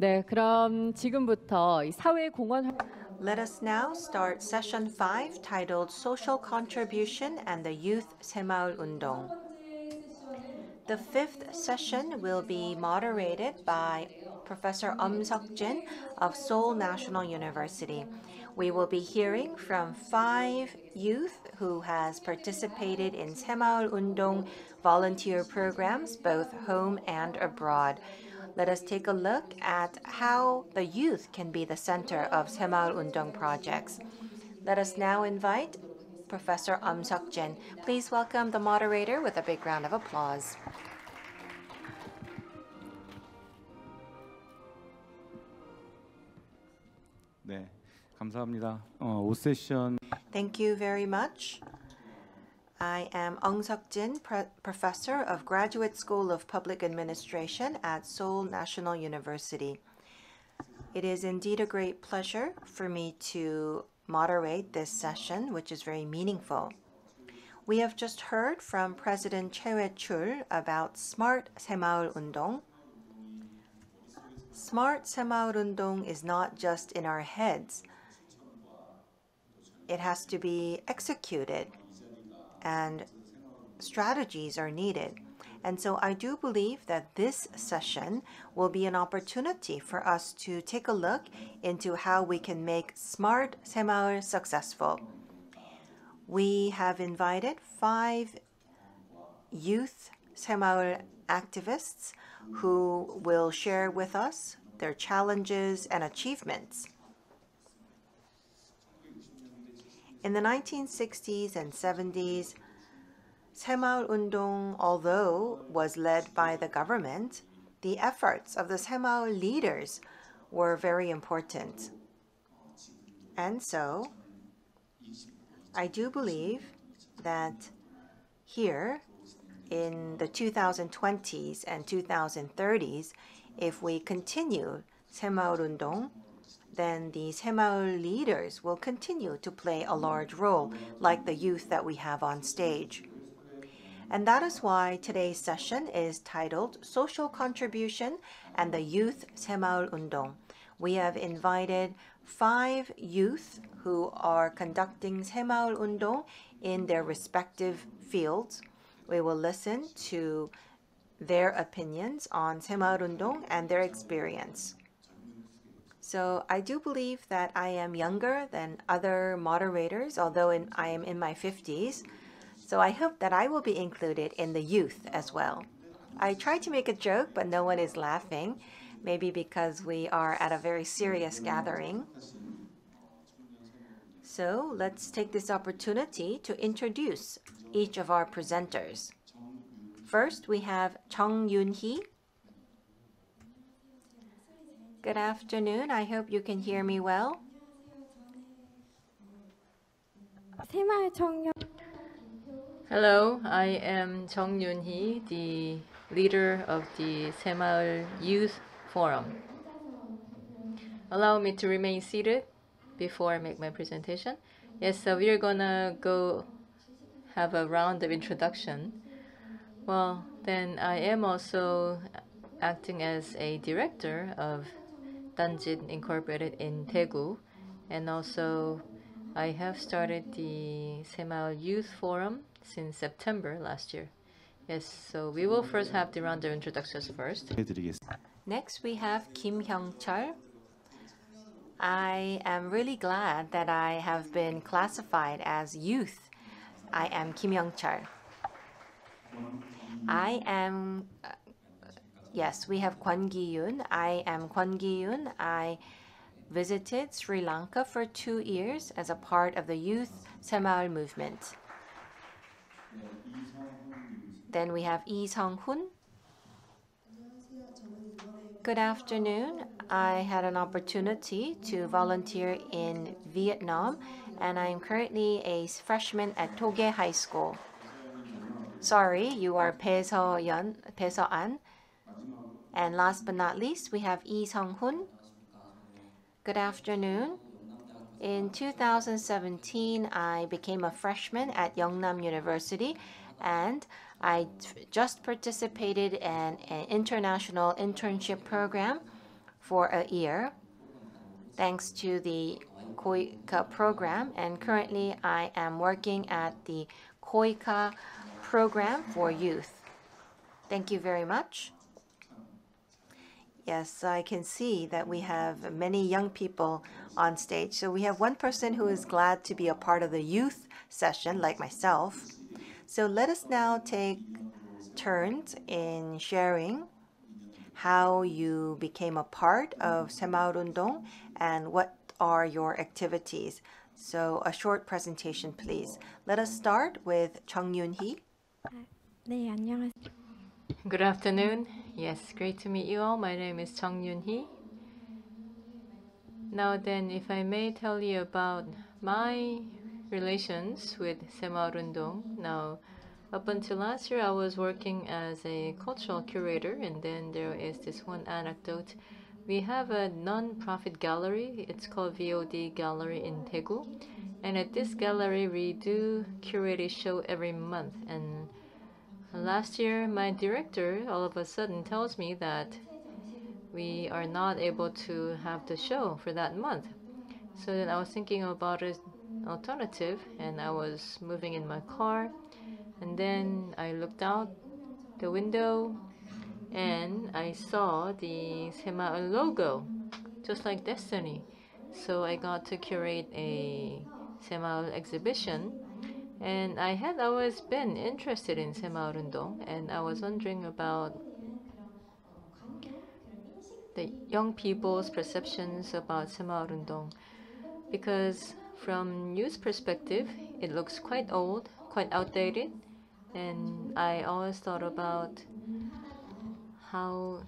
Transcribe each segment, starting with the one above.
네, 그럼 지금부터 사회 공헌 Let us now start session 5 titled Social Contribution and the Youth Semaul Undong. The fifth session will be moderated by Professor Um Seok-jin of Seoul National University. We will be hearing from five youth who has participated in Semaul Undong volunteer programs both home and abroad let us take a look at how the youth can be the center of Semar Undong projects. Let us now invite Professor Am Suk Jin. Please welcome the moderator with a big round of applause. Thank you very much. I am Ung Suk jin Professor of Graduate School of Public Administration at Seoul National University. It is indeed a great pleasure for me to moderate this session, which is very meaningful. We have just heard from President Choi Chul about Smart Semaul Undong. Smart Semaul Undong is not just in our heads. It has to be executed and strategies are needed. And so I do believe that this session will be an opportunity for us to take a look into how we can make Smart Semaul successful. We have invited five youth Semaul activists who will share with us their challenges and achievements. In the 1960s and 70s, Semaul Undong, although was led by the government, the efforts of the Semaul leaders were very important. And so, I do believe that here in the 2020s and 2030s, if we continue Semaul Undong, then these Semaul leaders will continue to play a large role, like the youth that we have on stage. And that is why today's session is titled Social Contribution and the Youth Semaul Undong. We have invited five youth who are conducting Semaul Undong in their respective fields. We will listen to their opinions on Semaul Undong and their experience. So I do believe that I am younger than other moderators, although in, I am in my 50s. So I hope that I will be included in the youth as well. I tried to make a joke, but no one is laughing, maybe because we are at a very serious gathering. So let's take this opportunity to introduce each of our presenters. First, we have Chung Yun-hee, Good afternoon. I hope you can hear me well. Hello, I am Jong Yun Hee, the leader of the Semaul Youth Forum. Allow me to remain seated before I make my presentation. Yes, so we're gonna go have a round of introduction. Well, then I am also acting as a director of Danjin Incorporated in Daegu. And also, I have started the Semaul Youth Forum since September last year. Yes, so we will first have the round of introductions first. Next, we have Kim Hyung-chul. I am really glad that I have been classified as youth. I am Kim Hyung-chul. I am Yes, we have Kwon Gi-yoon. I am Kwon Gi-yoon. I visited Sri Lanka for two years as a part of the youth Semaul movement. Then we have Lee Song-hun. Good afternoon. I had an opportunity to volunteer in Vietnam, and I am currently a freshman at Toge High School. Sorry, you are Peo Seo-an. And last but not least, we have Lee Sung-hoon. Good afternoon. In 2017, I became a freshman at Yongnam University and I just participated in an international internship program for a year thanks to the COICA program and currently I am working at the COICA program for youth. Thank you very much. Yes, I can see that we have many young people on stage. So we have one person who is glad to be a part of the youth session, like myself. So let us now take turns in sharing how you became a part of Semaur Undong and what are your activities. So a short presentation, please. Let us start with Chung Yun Hee. Uh, Good afternoon. Yes, great to meet you all. My name is Chung Yun Hee. Now then, if I may tell you about my relations with Sema Rundong. Now, up until last year, I was working as a cultural curator, and then there is this one anecdote. We have a non-profit gallery. It's called VOD Gallery in Daegu. And at this gallery, we do curated show every month. And Last year, my director all of a sudden tells me that we are not able to have the show for that month. So then I was thinking about an alternative and I was moving in my car and then I looked out the window and I saw the Sema logo just like Destiny. So I got to curate a Sema exhibition and I had always been interested in Sema Rundong, and I was wondering about the young people's perceptions about Sema Rundong, because from news perspective, it looks quite old, quite outdated, and I always thought about how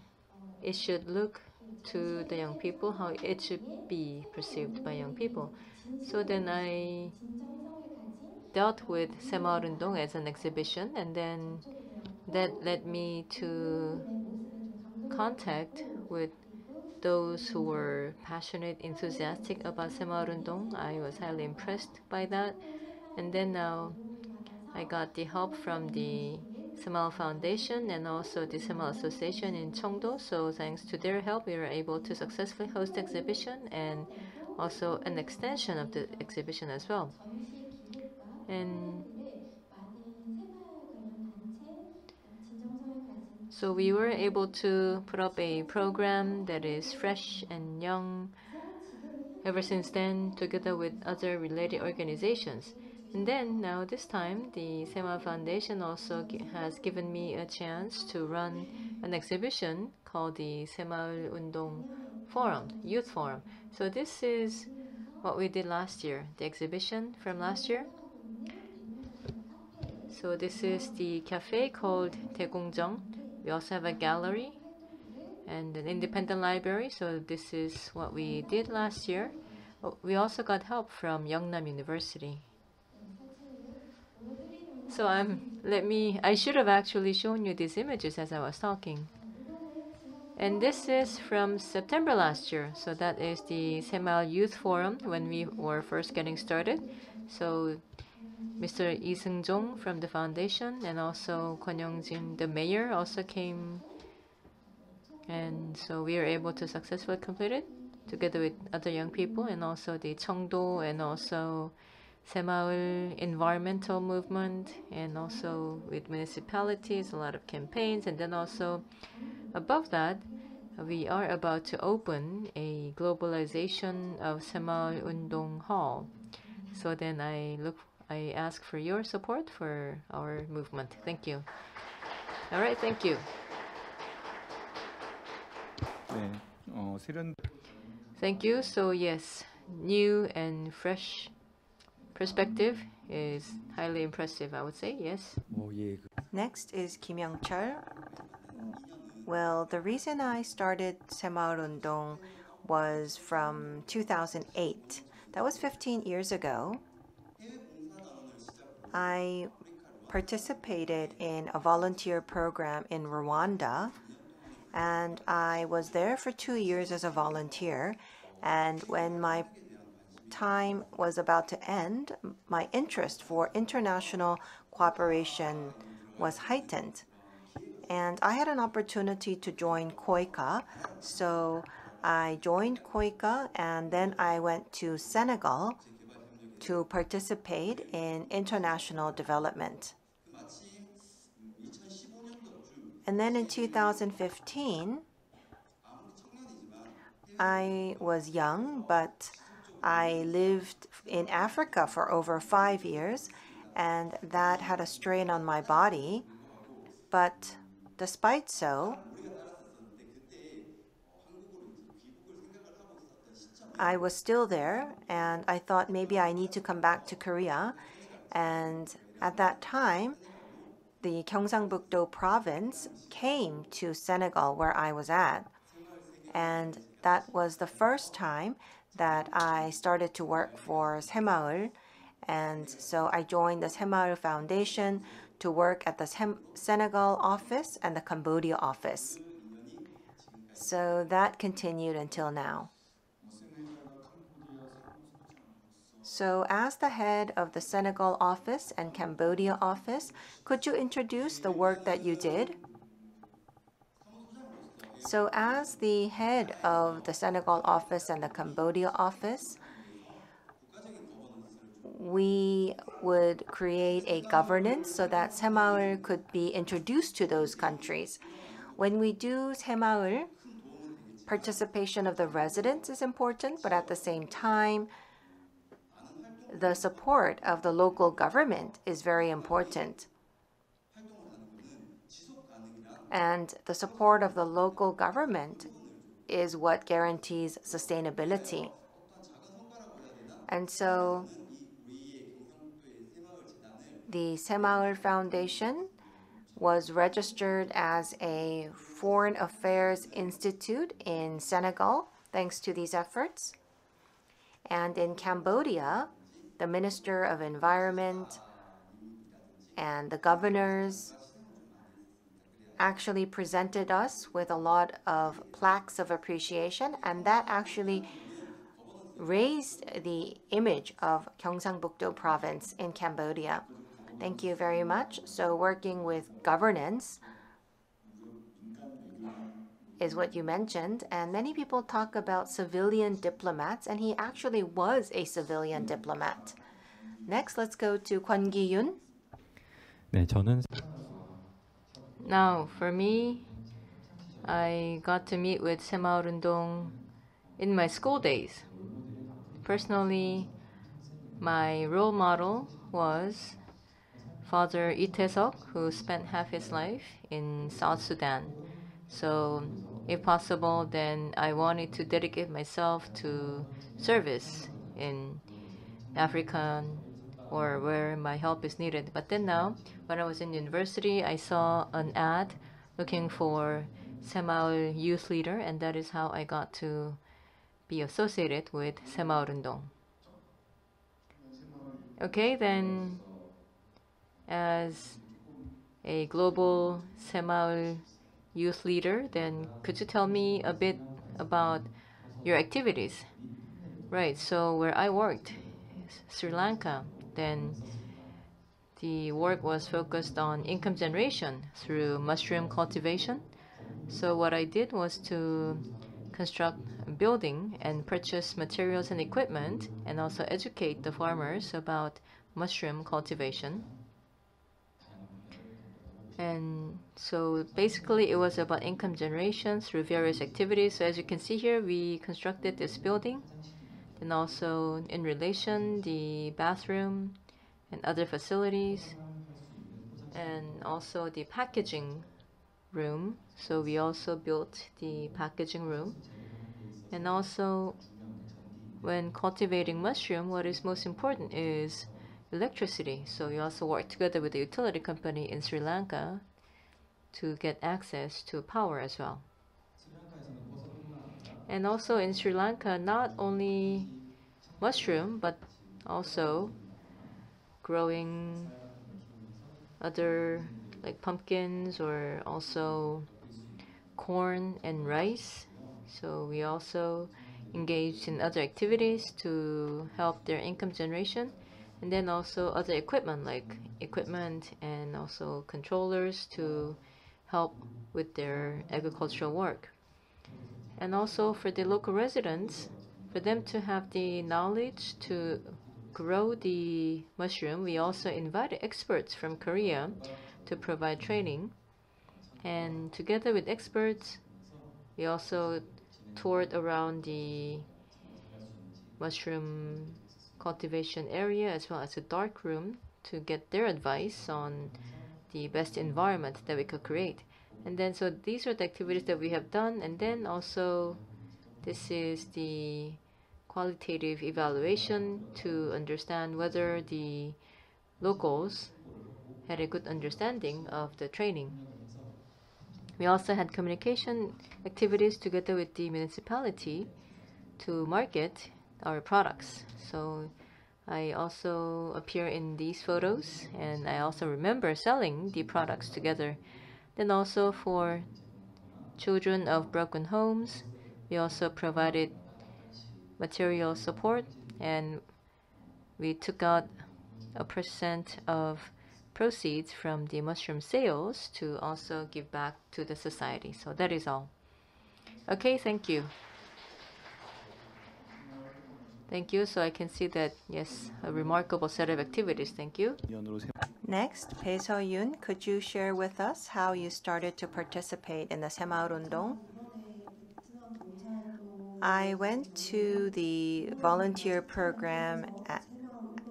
it should look to the young people, how it should be perceived by young people. So then I dealt with Semaul Rundong as an exhibition, and then that led me to contact with those who were passionate, enthusiastic about Semaul Rundong. I was highly impressed by that. And then now I got the help from the Semaul Foundation and also the Semaul Association in Chengdu. So thanks to their help, we were able to successfully host exhibition and also an extension of the exhibition as well. And so we were able to put up a program that is fresh and young ever since then together with other related organizations. And then now this time the SEMA Foundation also has given me a chance to run an exhibition called the SEMA Undong Forum, Youth Forum. So this is what we did last year, the exhibition from last year. So this is the cafe called Daegongjeong. We also have a gallery and an independent library. So this is what we did last year. Oh, we also got help from Yeongnam University. So I'm um, let me I should have actually shown you these images as I was talking. And this is from September last year. So that is the Semal Youth Forum when we were first getting started. So Mr. Lee Seung-jong from the foundation and also Kwon Young-jin, the mayor, also came. And so we were able to successfully complete it together with other young people and also the Cheongdo and also Semaul environmental movement and also with municipalities, a lot of campaigns. And then also above that, we are about to open a globalization of Semaul Undong Hall. So then I look I ask for your support for our movement. Thank you. All right, thank you. Thank you. So yes, new and fresh perspective is highly impressive, I would say. Yes. Next is Kim Young-chul. Well, the reason I started SeMarundong was from 2008. That was 15 years ago. I participated in a volunteer program in Rwanda, and I was there for two years as a volunteer. And when my time was about to end, my interest for international cooperation was heightened. And I had an opportunity to join COICA, so I joined COICA and then I went to Senegal to participate in international development. And then in 2015, I was young, but I lived in Africa for over five years, and that had a strain on my body. But despite so, I was still there, and I thought maybe I need to come back to Korea. And at that time, the Gyeongsangbuk-do province came to Senegal, where I was at. And that was the first time that I started to work for Semaul. And so I joined the Semaul Foundation to work at the Sem Senegal office and the Cambodia office. So that continued until now. So as the head of the Senegal office and Cambodia office, could you introduce the work that you did? So as the head of the Senegal office and the Cambodia office, we would create a governance so that Semaul could be introduced to those countries. When we do Semaul, participation of the residents is important, but at the same time, the support of the local government is very important. And the support of the local government is what guarantees sustainability. And so the Semaul Foundation was registered as a Foreign Affairs Institute in Senegal, thanks to these efforts. And in Cambodia, the Minister of Environment, and the governors actually presented us with a lot of plaques of appreciation, and that actually raised the image of Gyeongsangbuk-do province in Cambodia. Thank you very much. So working with governance, is what you mentioned. And many people talk about civilian diplomats, and he actually was a civilian diplomat. Next, let's go to Kwon Gi-yun. 네, 저는 Now, for me, I got to meet with Sema Rundong in my school days. Personally, my role model was Father Itesok, who spent half his life in South Sudan. So if possible, then I wanted to dedicate myself to service in Africa or where my help is needed. But then now, when I was in university, I saw an ad looking for Semaul youth leader, and that is how I got to be associated with Semaul Rundong. Okay, then as a global Semaul youth leader, then could you tell me a bit about your activities? Right. So where I worked, Sri Lanka, then the work was focused on income generation through mushroom cultivation. So what I did was to construct a building and purchase materials and equipment and also educate the farmers about mushroom cultivation and so basically it was about income generation through various activities so as you can see here we constructed this building and also in relation the bathroom and other facilities and also the packaging room so we also built the packaging room and also when cultivating mushroom what is most important is electricity. So we also work together with the utility company in Sri Lanka to get access to power as well. And also in Sri Lanka, not only mushroom, but also growing other like pumpkins or also corn and rice. So we also engaged in other activities to help their income generation and then also other equipment like equipment and also controllers to help with their agricultural work. And also for the local residents, for them to have the knowledge to grow the mushroom, we also invited experts from Korea to provide training. And together with experts, we also toured around the mushroom cultivation area as well as a dark room to get their advice on the best environment that we could create. And then so these are the activities that we have done and then also this is the qualitative evaluation to understand whether the locals had a good understanding of the training. We also had communication activities together with the municipality to market our products. So I also appear in these photos and I also remember selling the products together. Then also for children of broken homes, we also provided material support and we took out a percent of proceeds from the mushroom sales to also give back to the society. So that is all. Okay, thank you. Thank you. So I can see that, yes, a remarkable set of activities. Thank you. Next, So Yun, could you share with us how you started to participate in the Semaul Undong? I went to the volunteer program at,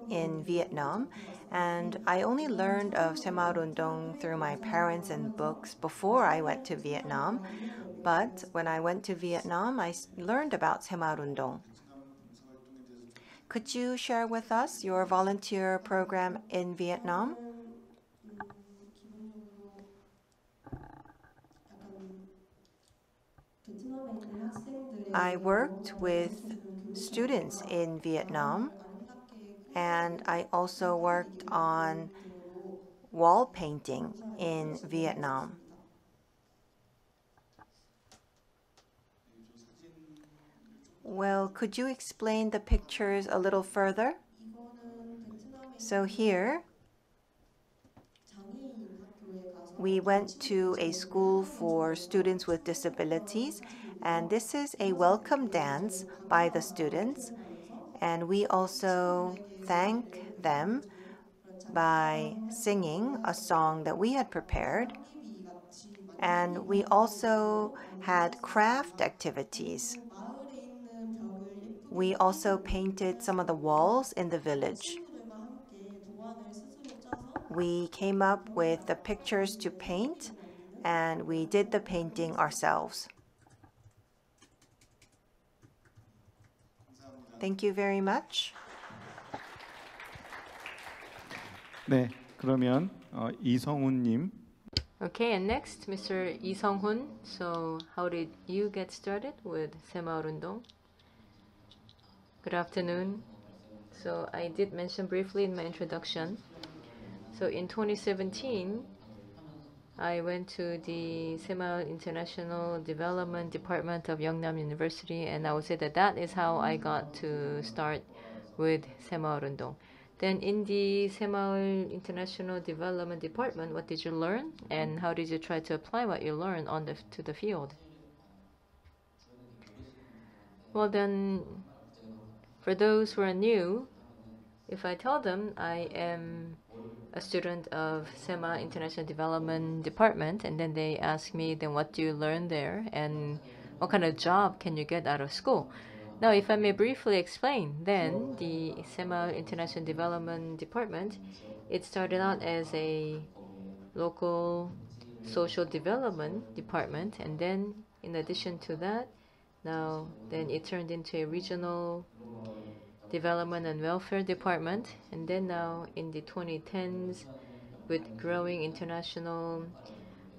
in Vietnam, and I only learned of Semaul Undong through my parents and books before I went to Vietnam. But when I went to Vietnam, I learned about Semaul Undong. Could you share with us your volunteer program in Vietnam? I worked with students in Vietnam and I also worked on wall painting in Vietnam. Well, could you explain the pictures a little further? So here, we went to a school for students with disabilities, and this is a welcome dance by the students. And we also thank them by singing a song that we had prepared. And we also had craft activities. We also painted some of the walls in the village. We came up with the pictures to paint and we did the painting ourselves. Thank you very much. 네, 그러면 어, Okay, and next, Mr. Lee Sung-hun. So, how did you get started with Semaurundong? Good afternoon. So I did mention briefly in my introduction. So in 2017, I went to the Sema International Development Department of Yongnam University, and I would say that that is how I got to start with Sema Rundong. Then in the Sema International Development Department, what did you learn, and how did you try to apply what you learned on the to the field? Well, then for those who are new, if I tell them I am a student of SEMA International Development Department, and then they ask me, then what do you learn there, and what kind of job can you get out of school? Now, if I may briefly explain, then the SEMA International Development Department, it started out as a local social development department, and then in addition to that, now, then it turned into a regional development and welfare department. And then now in the 2010s, with growing international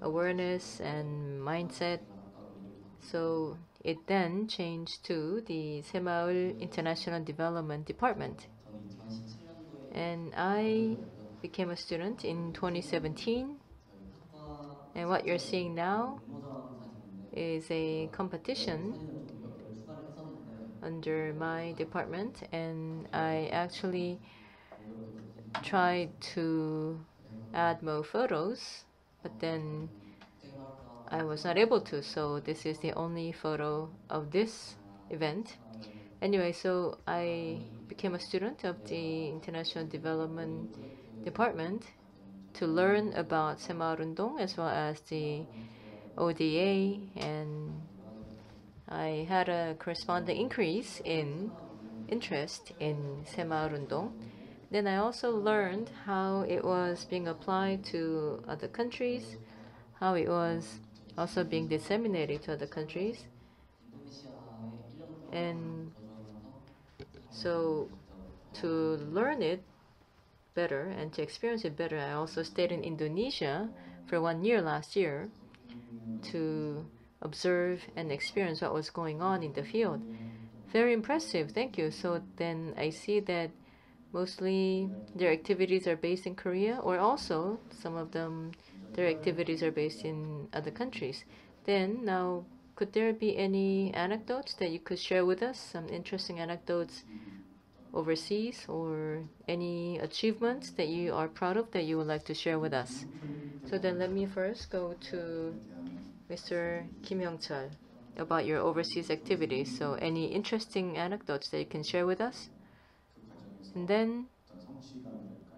awareness and mindset, so it then changed to the Semaul International Development Department. And I became a student in 2017. And what you're seeing now is a competition under my department, and I actually tried to add more photos, but then I was not able to, so this is the only photo of this event. Anyway, so I became a student of the International Development Department to learn about Semarundong as well as the ODA, and I had a corresponding increase in interest in Semarundong. Then I also learned how it was being applied to other countries, how it was also being disseminated to other countries. And so to learn it better and to experience it better, I also stayed in Indonesia for one year last year to observe and experience what was going on in the field. Very impressive. Thank you. So then I see that mostly their activities are based in Korea or also some of them their activities are based in other countries. Then now could there be any anecdotes that you could share with us? Some interesting anecdotes overseas or any achievements that you are proud of that you would like to share with us. So then let me first go to Mr. Kim Hyung-chul about your overseas activities. So any interesting anecdotes that you can share with us? And then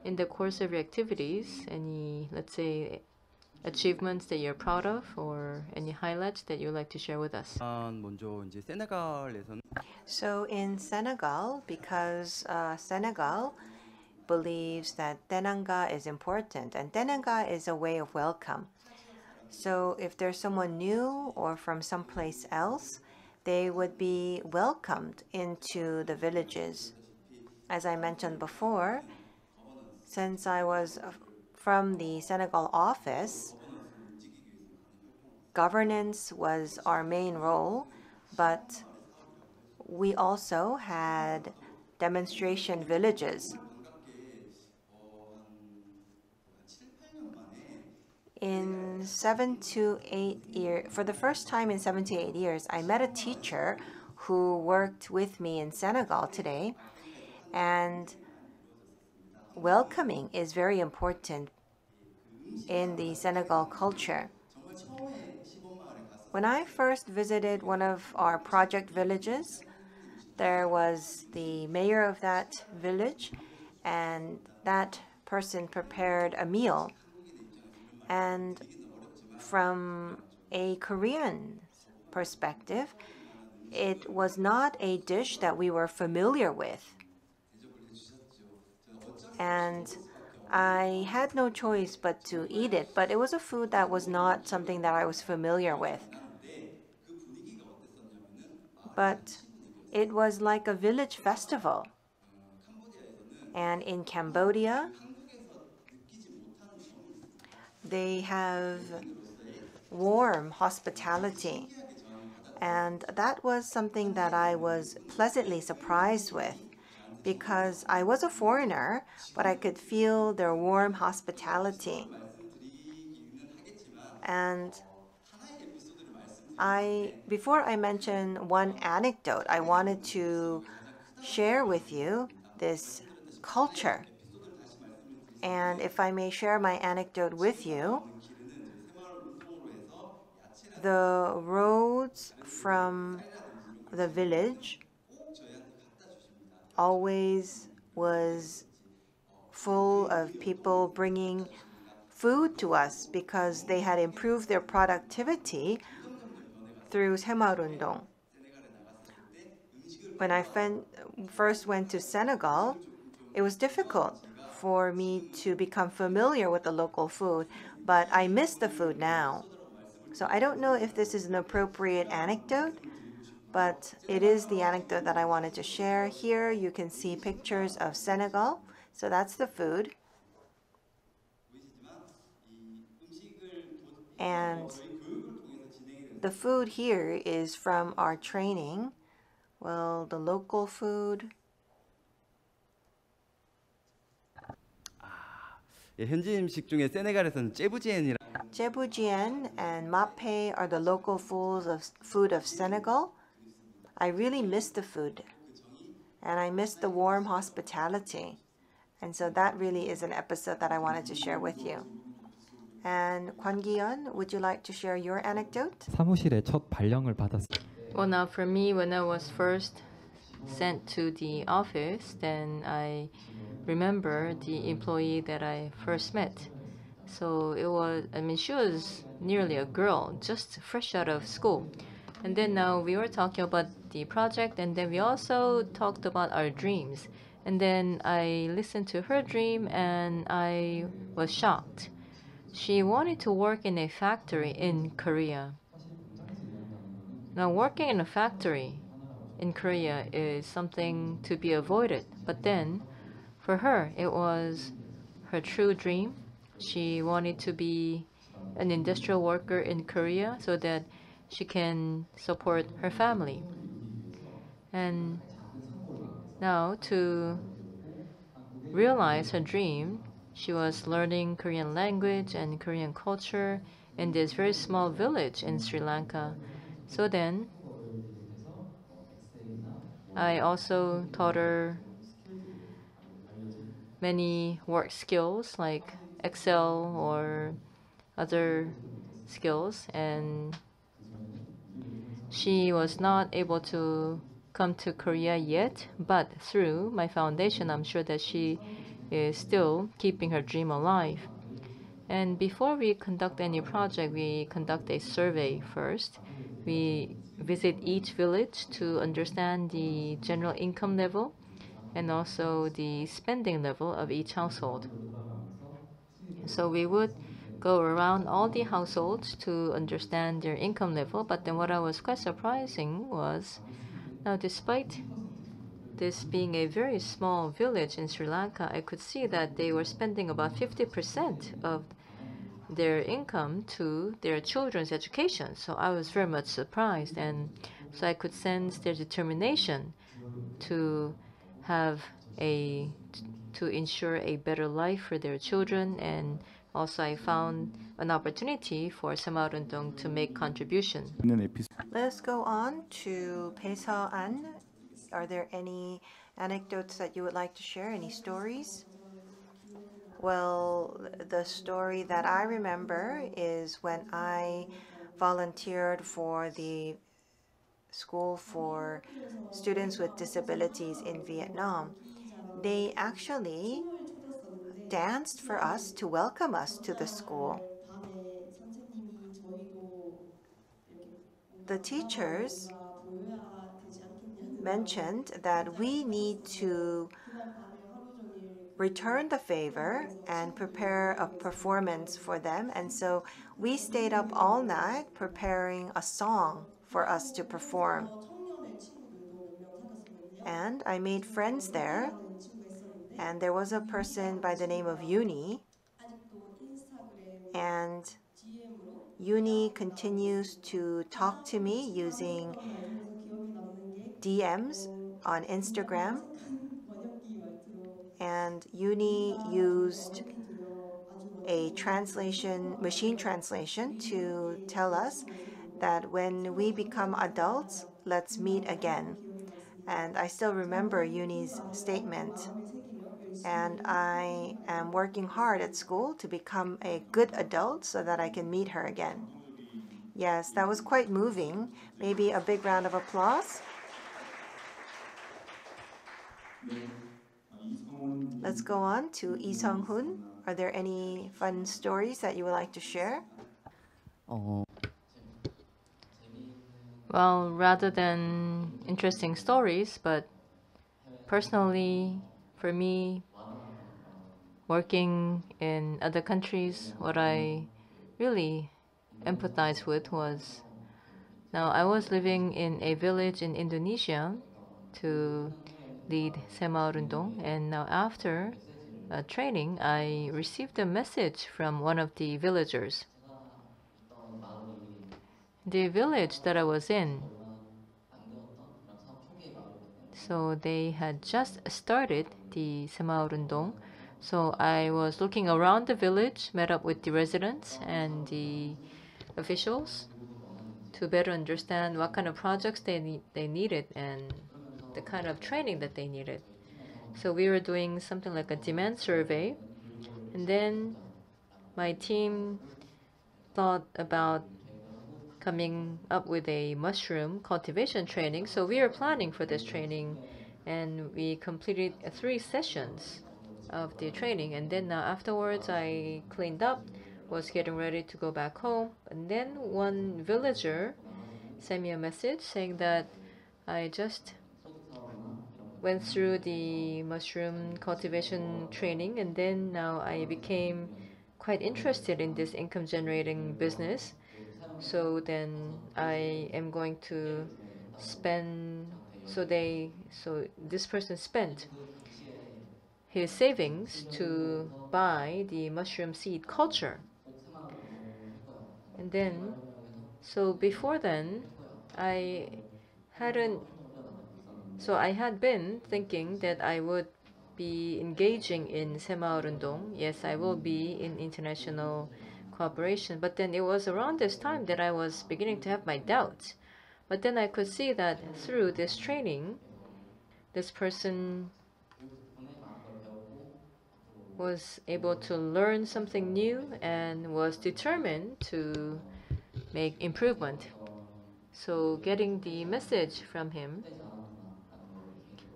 in the course of your activities, any, let's say, achievements that you're proud of or any highlights that you'd like to share with us? So in Senegal, because uh, Senegal believes that Tenanga is important, and Tenanga is a way of welcome. So if there's someone new or from someplace else, they would be welcomed into the villages. As I mentioned before, since I was from the Senegal office, governance was our main role, but we also had demonstration villages. In seven to eight years, for the first time in seven to eight years, I met a teacher who worked with me in Senegal today. And welcoming is very important in the Senegal culture. When I first visited one of our project villages, there was the mayor of that village, and that person prepared a meal. And from a Korean perspective, it was not a dish that we were familiar with. And I had no choice but to eat it, but it was a food that was not something that I was familiar with. But it was like a village festival. And in Cambodia, they have warm hospitality. And that was something that I was pleasantly surprised with because I was a foreigner, but I could feel their warm hospitality. And I, before I mention one anecdote, I wanted to share with you this culture. And if I may share my anecdote with you, the roads from the village always was full of people bringing food to us because they had improved their productivity through Semarundong. When I first went to Senegal, it was difficult for me to become familiar with the local food, but I miss the food now. So I don't know if this is an appropriate anecdote, but it is the anecdote that I wanted to share. Here you can see pictures of Senegal. So that's the food. And the food here is from our training. Well, the local food. 현지 음식 중에 세네갈에서는 제부지엔이라. 제부지엔 and mape are the local foods of food of Senegal. I really miss the food and I miss the warm hospitality. And so that really is an episode that I wanted to share with you. And Kwan gi would you like to share your anecdote? Well, now for me, when I was first sent to the office, then I remember the employee that I first met. So it was, I mean, she was nearly a girl, just fresh out of school. And then now uh, we were talking about the project, and then we also talked about our dreams. And then I listened to her dream, and I was shocked. She wanted to work in a factory in Korea. Now, working in a factory in Korea is something to be avoided. But then, for her, it was her true dream. She wanted to be an industrial worker in Korea so that she can support her family. And now to realize her dream, she was learning Korean language and Korean culture in this very small village in Sri Lanka. So then I also taught her many work skills like Excel or other skills and she was not able to come to Korea yet, but through my foundation, I'm sure that she is still keeping her dream alive. And before we conduct any project, we conduct a survey first. We visit each village to understand the general income level and also the spending level of each household. So we would go around all the households to understand their income level. But then what I was quite surprising was now, despite this being a very small village in Sri Lanka, I could see that they were spending about 50% of their income to their children's education. So I was very much surprised. And so I could sense their determination to have a to ensure a better life for their children and also, I found an opportunity for Samarundong to make contribution. Let's go on to Paiseo An. Are there any anecdotes that you would like to share? Any stories? Well, the story that I remember is when I volunteered for the school for students with disabilities in Vietnam. They actually danced for us to welcome us to the school. The teachers mentioned that we need to return the favor and prepare a performance for them. And so we stayed up all night preparing a song for us to perform. And I made friends there and there was a person by the name of Yuni. And Yuni continues to talk to me using DMs on Instagram. And Yuni used a translation, machine translation, to tell us that when we become adults, let's meet again. And I still remember Yuni's statement and I am working hard at school to become a good adult so that I can meet her again. Yes, that was quite moving. Maybe a big round of applause. Let's go on to Lee Sung Hoon. Are there any fun stories that you would like to share? Oh. Well, rather than interesting stories, but personally, for me, working in other countries, what I really empathized with was now I was living in a village in Indonesia to lead Sema Rundong, and now after uh, training, I received a message from one of the villagers. The village that I was in so they had just started the Semaul Rundong. So I was looking around the village, met up with the residents and the officials to better understand what kind of projects they need, they needed and the kind of training that they needed. So we were doing something like a demand survey, and then my team thought about coming up with a mushroom cultivation training. So we are planning for this training and we completed three sessions of the training. And then uh, afterwards, I cleaned up, was getting ready to go back home. And then one villager sent me a message saying that I just went through the mushroom cultivation training and then now I became quite interested in this income generating business so then I am going to spend so they so this person spent his savings to buy the mushroom seed culture and then so before then I hadn't so I had been thinking that I would be engaging in Rundong. Yes, I will be in international cooperation. But then it was around this time that I was beginning to have my doubts. But then I could see that through this training, this person was able to learn something new and was determined to make improvement. So getting the message from him,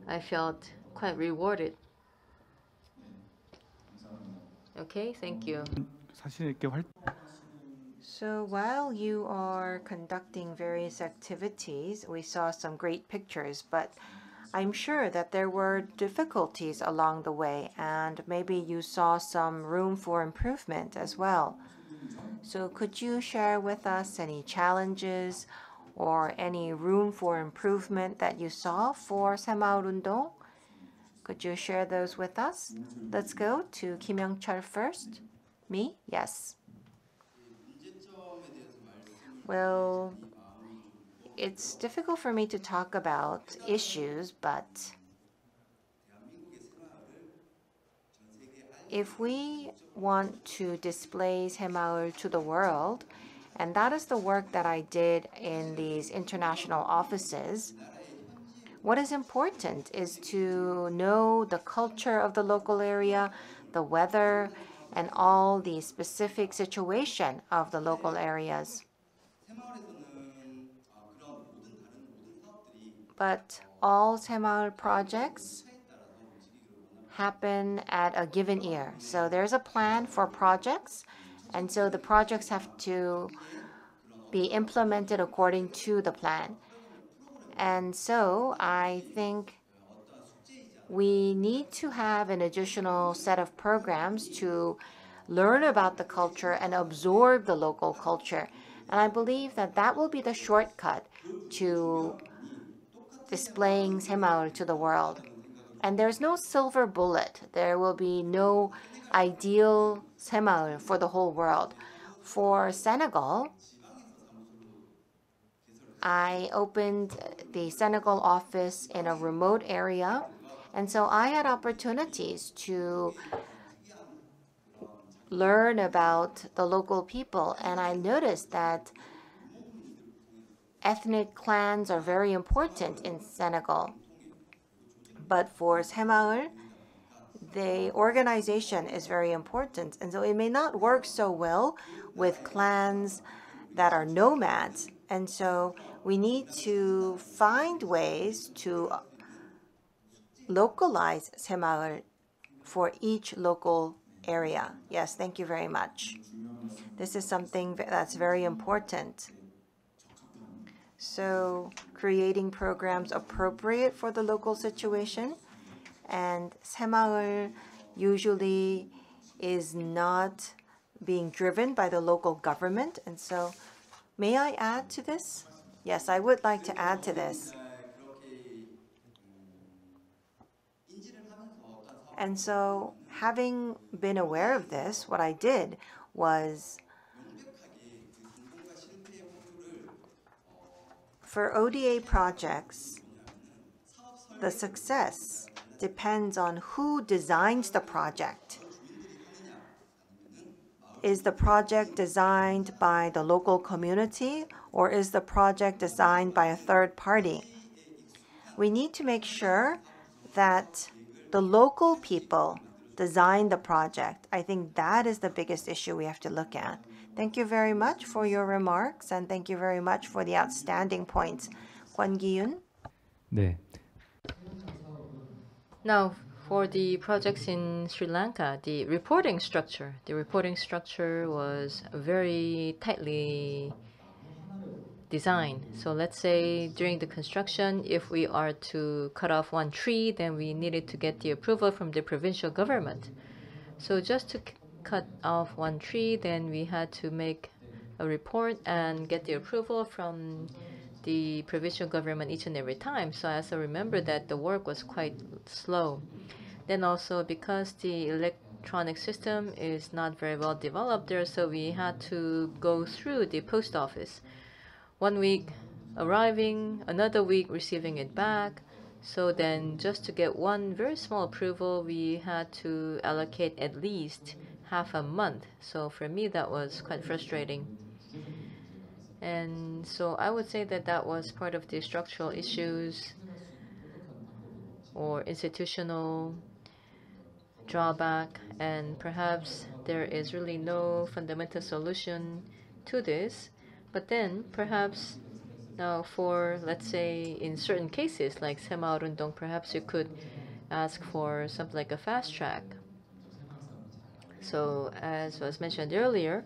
I felt quite rewarded. Okay, thank you. So while you are conducting various activities, we saw some great pictures, but I'm sure that there were difficulties along the way, and maybe you saw some room for improvement as well. So, could you share with us any challenges or any room for improvement that you saw for Semaul Undong? Could you share those with us? Let's go to Kim Young Chul first. Me? Yes. Well, it's difficult for me to talk about issues, but if we want to display Semaul to the world, and that is the work that I did in these international offices, what is important is to know the culture of the local area, the weather, and all the specific situation of the local areas. But all Semaul projects happen at a given year. So there's a plan for projects, and so the projects have to be implemented according to the plan. And so I think we need to have an additional set of programs to learn about the culture and absorb the local culture. And I believe that that will be the shortcut to displaying Semaul to the world. And there's no silver bullet. There will be no ideal Semaul for the whole world. For Senegal, I opened the Senegal office in a remote area and so I had opportunities to learn about the local people. And I noticed that ethnic clans are very important in Senegal. But for Semaul, the organization is very important. And so it may not work so well with clans that are nomads. And so we need to find ways to localize semar for each local area. Yes, thank you very much. This is something that's very important. So creating programs appropriate for the local situation and semar usually is not being driven by the local government. And so may I add to this? Yes, I would like to add to this. And so, having been aware of this, what I did was for ODA projects, the success depends on who designs the project. Is the project designed by the local community or is the project designed by a third party? We need to make sure that the local people design the project. I think that is the biggest issue we have to look at. Thank you very much for your remarks and thank you very much for the outstanding points. Kwon gi Yun. 네. Now, for the projects in Sri Lanka, the reporting structure, the reporting structure was very tightly design. So let's say during the construction, if we are to cut off one tree, then we needed to get the approval from the provincial government. So just to cut off one tree, then we had to make a report and get the approval from the provincial government each and every time. So I also remember that the work was quite slow. Then also because the electronic system is not very well developed there, so we had to go through the post office one week arriving, another week receiving it back. So then just to get one very small approval, we had to allocate at least half a month. So for me, that was quite frustrating. And so I would say that that was part of the structural issues or institutional drawback. And perhaps there is really no fundamental solution to this. But then perhaps now for, let's say, in certain cases like Sema Rundong, perhaps you could ask for something like a fast track. So as was mentioned earlier,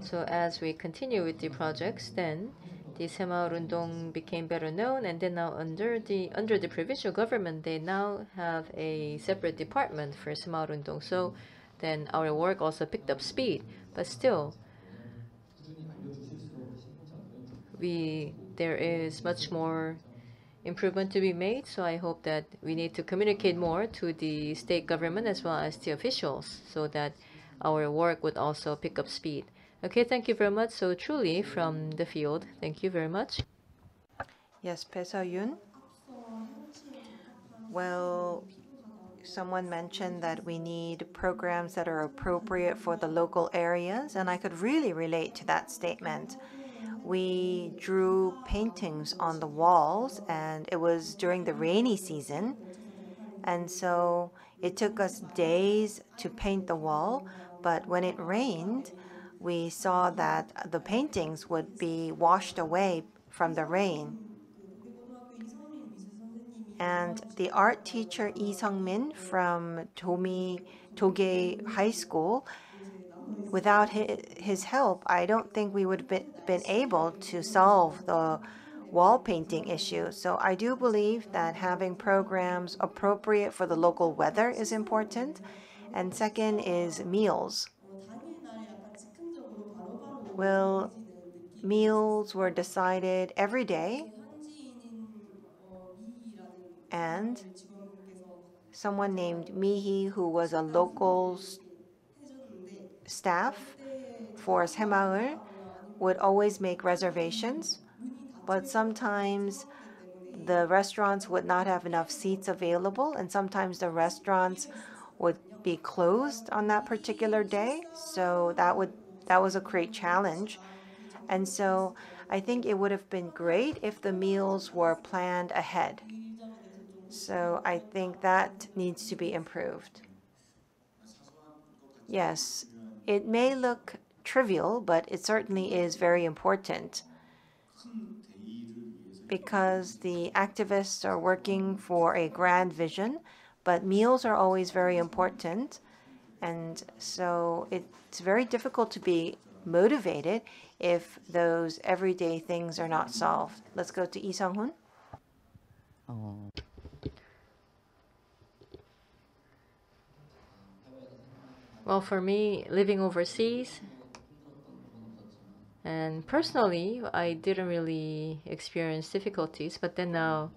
so as we continue with the projects, then the Sema Rundong became better known, and then now under the under the provincial government, they now have a separate department for Sema Rundong. So then our work also picked up speed, but still we there is much more improvement to be made. So I hope that we need to communicate more to the state government as well as the officials so that our work would also pick up speed. Okay, thank you very much. So truly from the field, thank you very much. Yes, Pesa Well, someone mentioned that we need programs that are appropriate for the local areas, and I could really relate to that statement we drew paintings on the walls and it was during the rainy season. And so it took us days to paint the wall, but when it rained, we saw that the paintings would be washed away from the rain. And the art teacher Lee Sung-min from Tomi Toge High School without his help, I don't think we would have been, able to solve the wall painting issue. So I do believe that having programs appropriate for the local weather is important. And second is meals. Well, meals were decided every day. And someone named Mihi, who was a local staff for Semaul would always make reservations, but sometimes the restaurants would not have enough seats available, and sometimes the restaurants would be closed on that particular day. So that would that was a great challenge. And so I think it would have been great if the meals were planned ahead. So I think that needs to be improved. Yes, it may look trivial, but it certainly is very important because the activists are working for a grand vision, but meals are always very important. And so it's very difficult to be motivated if those everyday things are not solved. Let's go to Lee Sung-hoon. Oh. Well, for me, living overseas and personally, I didn't really experience difficulties. But then now,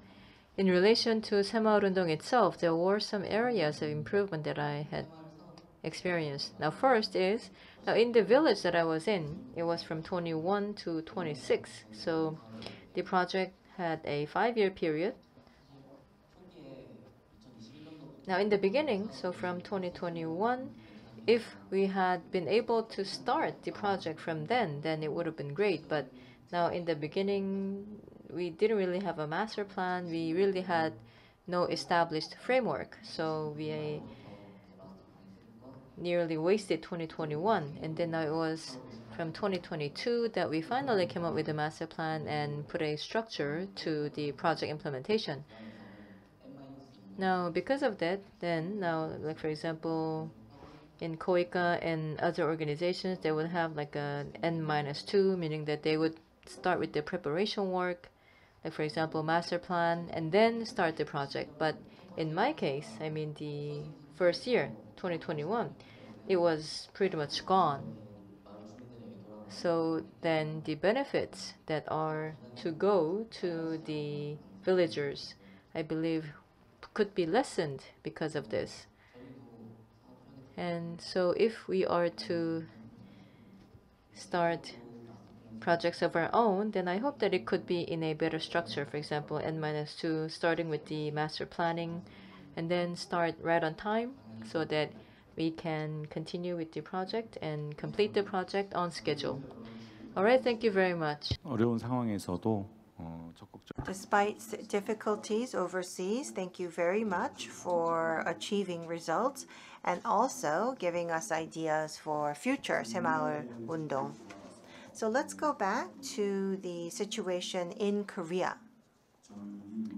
in relation to Rundong itself, there were some areas of improvement that I had experienced. Now, first is now in the village that I was in, it was from 21 to 26. So the project had a five-year period. Now, in the beginning, so from 2021 if we had been able to start the project from then, then it would have been great. But now in the beginning, we didn't really have a master plan. We really had no established framework. So we nearly wasted 2021. And then it was from 2022 that we finally came up with a master plan and put a structure to the project implementation. Now, because of that, then now, like for example, in COICA and other organizations, they would have like an N minus two, meaning that they would start with the preparation work, like for example, master plan, and then start the project. But in my case, I mean the first year, 2021, it was pretty much gone. So then the benefits that are to go to the villagers, I believe, could be lessened because of this. And so if we are to start projects of our own, then I hope that it could be in a better structure, for example, N-2, starting with the master planning, and then start right on time so that we can continue with the project and complete the project on schedule. All right, thank you very much. 어려운 상황에서도 Despite difficulties overseas, thank you very much for achieving results and also giving us ideas for future Semaul Undong. So let's go back to the situation in Korea.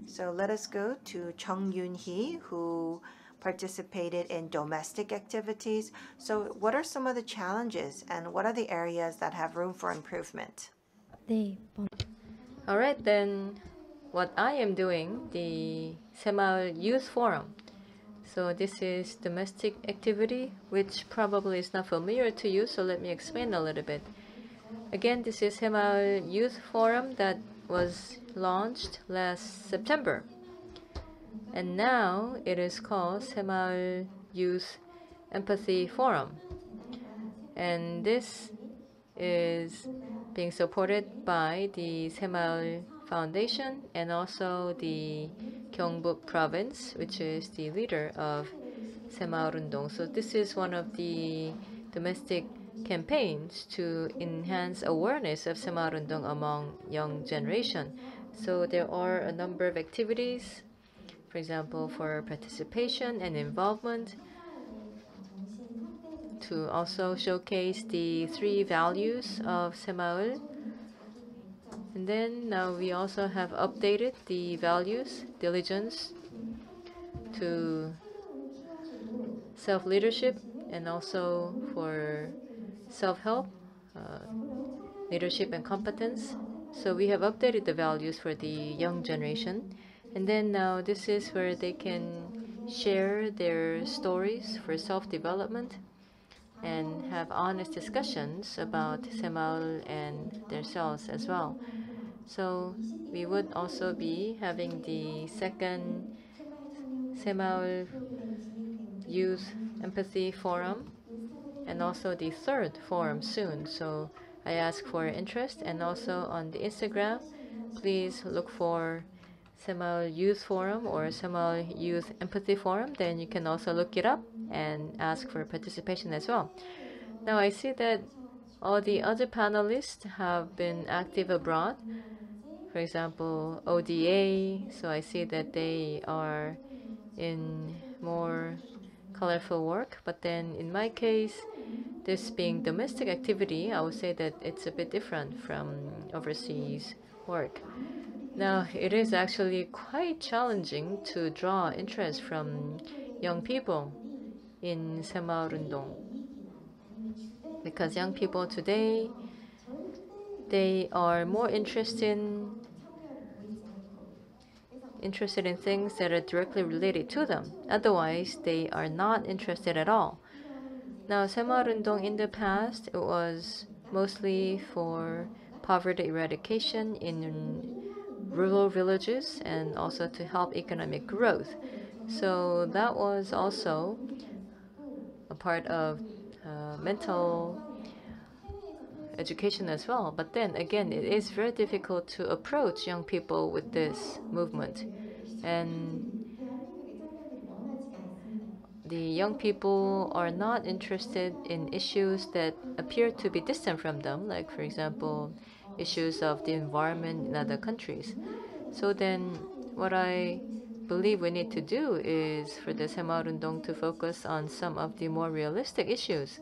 So let us go to Chung Yun Hee, who participated in domestic activities. So what are some of the challenges and what are the areas that have room for improvement? 네, Alright, then what I am doing, the Semaul Youth Forum. So this is domestic activity, which probably is not familiar to you, so let me explain a little bit. Again, this is Semaul Youth Forum that was launched last September. And now it is called Semaul Youth Empathy Forum. And this is being supported by the Semaul Foundation and also the Gyeongbuk province, which is the leader of Semaul Rundong. So this is one of the domestic campaigns to enhance awareness of Semaul Rundong among young generation. So there are a number of activities, for example, for participation and involvement, to also showcase the three values of Semaul. And then uh, we also have updated the values, diligence, to self-leadership and also for self-help, uh, leadership and competence. So we have updated the values for the young generation. And then now uh, this is where they can share their stories for self-development and have honest discussions about Semaul and themselves as well. So we would also be having the second Semaul Youth Empathy Forum and also the third forum soon. So I ask for interest and also on the Instagram, please look for Semaul Youth Forum or Semaul Youth Empathy Forum. Then you can also look it up and ask for participation as well. Now I see that all the other panelists have been active abroad. For example, ODA, so I see that they are in more colorful work. But then in my case, this being domestic activity, I would say that it's a bit different from overseas work. Now, it is actually quite challenging to draw interest from young people in Semarundong. Because young people today, they are more interested in, interested in things that are directly related to them. Otherwise, they are not interested at all. Now, Semarundong in the past, it was mostly for poverty eradication in rural villages and also to help economic growth. So that was also part of uh, mental education as well. But then again, it is very difficult to approach young people with this movement. And the young people are not interested in issues that appear to be distant from them, like, for example, issues of the environment in other countries. So then what I believe we need to do is for the Sema to focus on some of the more realistic issues.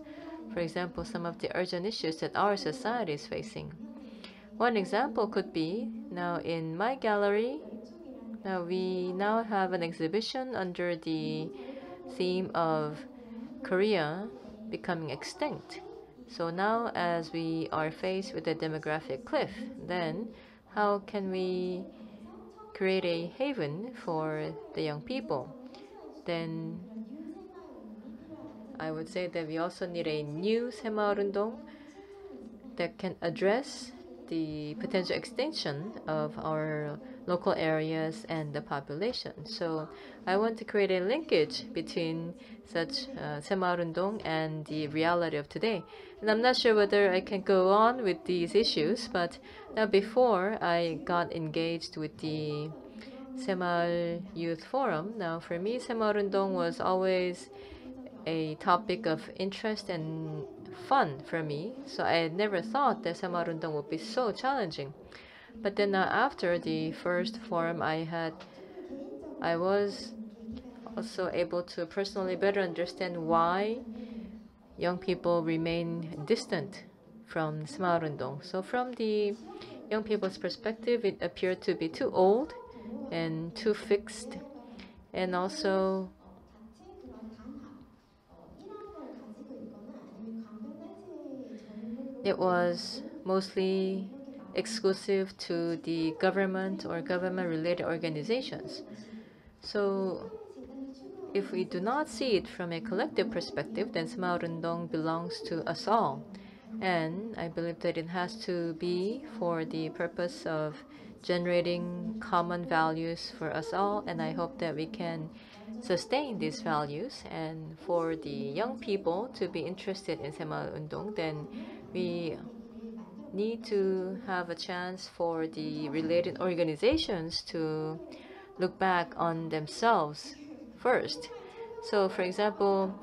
For example, some of the urgent issues that our society is facing. One example could be now in my gallery, now we now have an exhibition under the theme of Korea becoming extinct. So now as we are faced with a demographic cliff, then how can we create a haven for the young people, then I would say that we also need a new Semarundong that can address the potential extinction of our local areas and the population. So I want to create a linkage between such uh, Semarundong and the reality of today. And I'm not sure whether I can go on with these issues, but now before I got engaged with the Semal Youth Forum, now for me, Semal Rundong was always a topic of interest and fun for me. So I never thought that Semal Rundong would be so challenging. But then now uh, after the first forum I had, I was also able to personally better understand why young people remain distant from Smaurundong. So from the young people's perspective, it appeared to be too old and too fixed, and also it was mostly exclusive to the government or government-related organizations. So if we do not see it from a collective perspective, then Smao Rendong belongs to us all. And I believe that it has to be for the purpose of generating common values for us all. And I hope that we can sustain these values. And for the young people to be interested in Sema Undong, then we need to have a chance for the related organizations to look back on themselves first. So for example,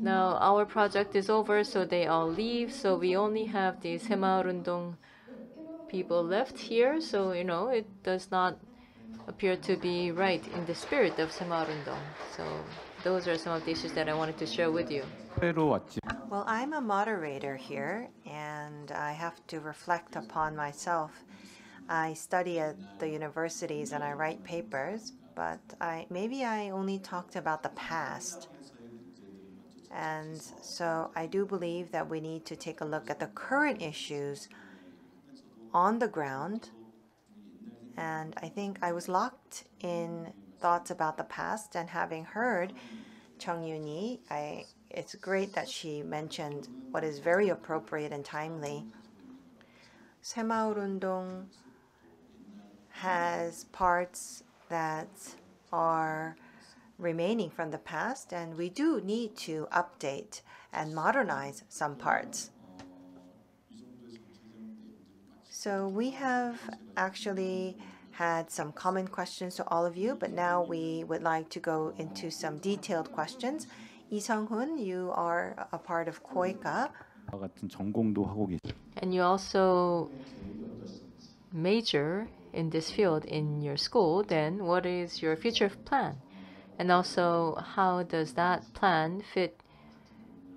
now our project is over, so they all leave. So we only have the Rundong people left here. So, you know, it does not appear to be right in the spirit of Semarundong. So those are some of the issues that I wanted to share with you. Well, I'm a moderator here, and I have to reflect upon myself. I study at the universities and I write papers, but I maybe I only talked about the past. And so I do believe that we need to take a look at the current issues on the ground. And I think I was locked in thoughts about the past and having heard Chung Yunyi, I it's great that she mentioned what is very appropriate and timely. Semaurundong has parts that are remaining from the past, and we do need to update and modernize some parts. So we have actually had some common questions to all of you, but now we would like to go into some detailed questions. Lee Sung-hoon, you are a part of COICA. And you also major in this field in your school, then what is your future plan? And also, how does that plan fit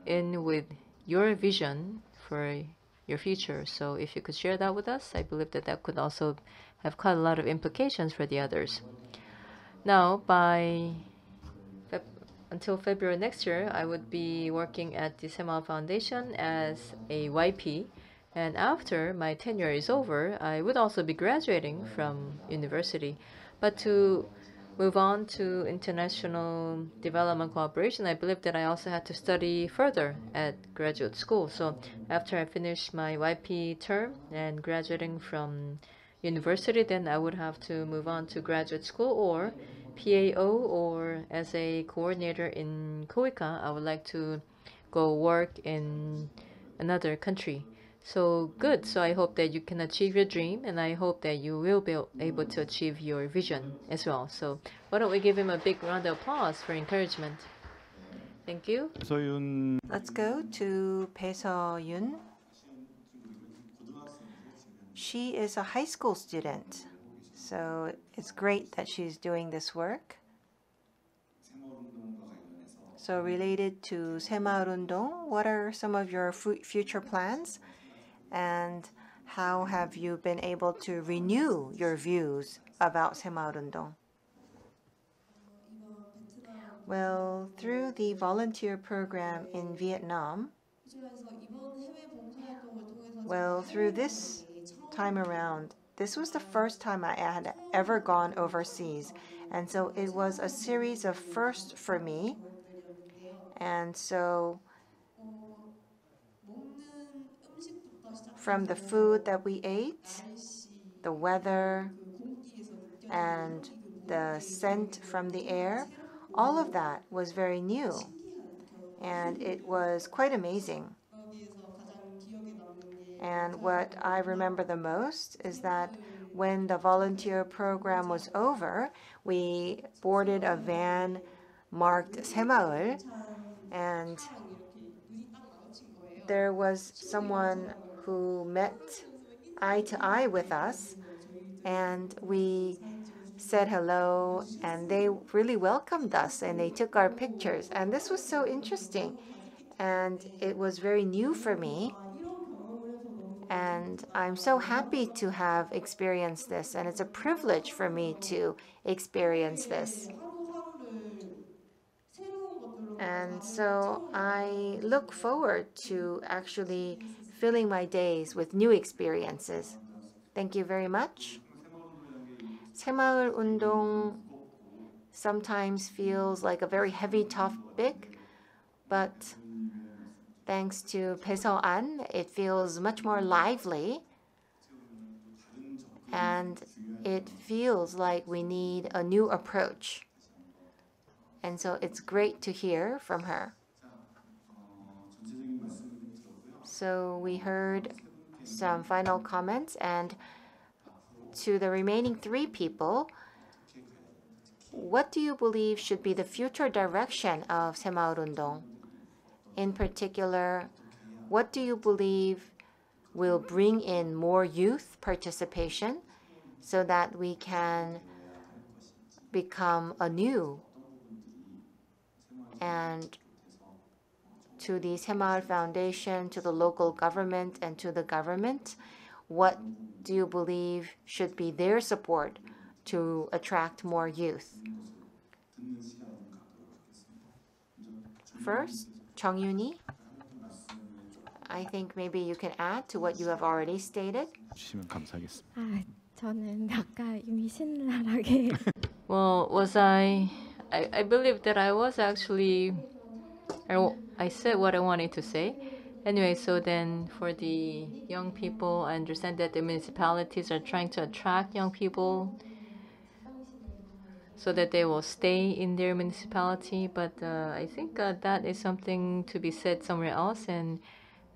in with your vision for your future? So if you could share that with us, I believe that that could also have quite a lot of implications for the others. Now, by Feb until February next year, I would be working at the Sema Foundation as a YP, and after my tenure is over, I would also be graduating from university. But to move on to international development cooperation, I believe that I also had to study further at graduate school. So after I finish my YP term and graduating from university, then I would have to move on to graduate school or PAO or as a coordinator in COICA, I would like to go work in another country so good. So I hope that you can achieve your dream and I hope that you will be able to achieve your vision as well. So why don't we give him a big round of applause for encouragement. Thank you. Yun. Let's go to Peso Yun. She is a high school student. So it's great that she's doing this work. So related to Semarundong, what are some of your future plans? and how have you been able to renew your views about Semarundong? Well, through the volunteer program in Vietnam, well, through this time around, this was the first time I had ever gone overseas. And so it was a series of firsts for me. And so from the food that we ate, the weather, and the scent from the air, all of that was very new. And it was quite amazing. And what I remember the most is that when the volunteer program was over, we boarded a van marked Semaul, and there was someone who met eye to eye with us, and we said hello, and they really welcomed us, and they took our pictures. And this was so interesting, and it was very new for me. And I'm so happy to have experienced this, and it's a privilege for me to experience this. And so I look forward to actually filling my days with new experiences. Thank you very much. 새마을 운동 sometimes feels like a very heavy topic, but thanks to An, it feels much more lively. And it feels like we need a new approach. And so it's great to hear from her. So We heard some final comments, and to the remaining three people, what do you believe should be the future direction of Semaorundong? In particular, what do you believe will bring in more youth participation so that we can become anew and to the Semaal Foundation, to the local government, and to the government? What do you believe should be their support to attract more youth? First, Chung Yuni, I think maybe you can add to what you have already stated. 저는 아까 Well, was I I, I believe that I was actually I, I said what I wanted to say. Anyway, so then for the young people, I understand that the municipalities are trying to attract young people so that they will stay in their municipality. But uh, I think uh, that is something to be said somewhere else. And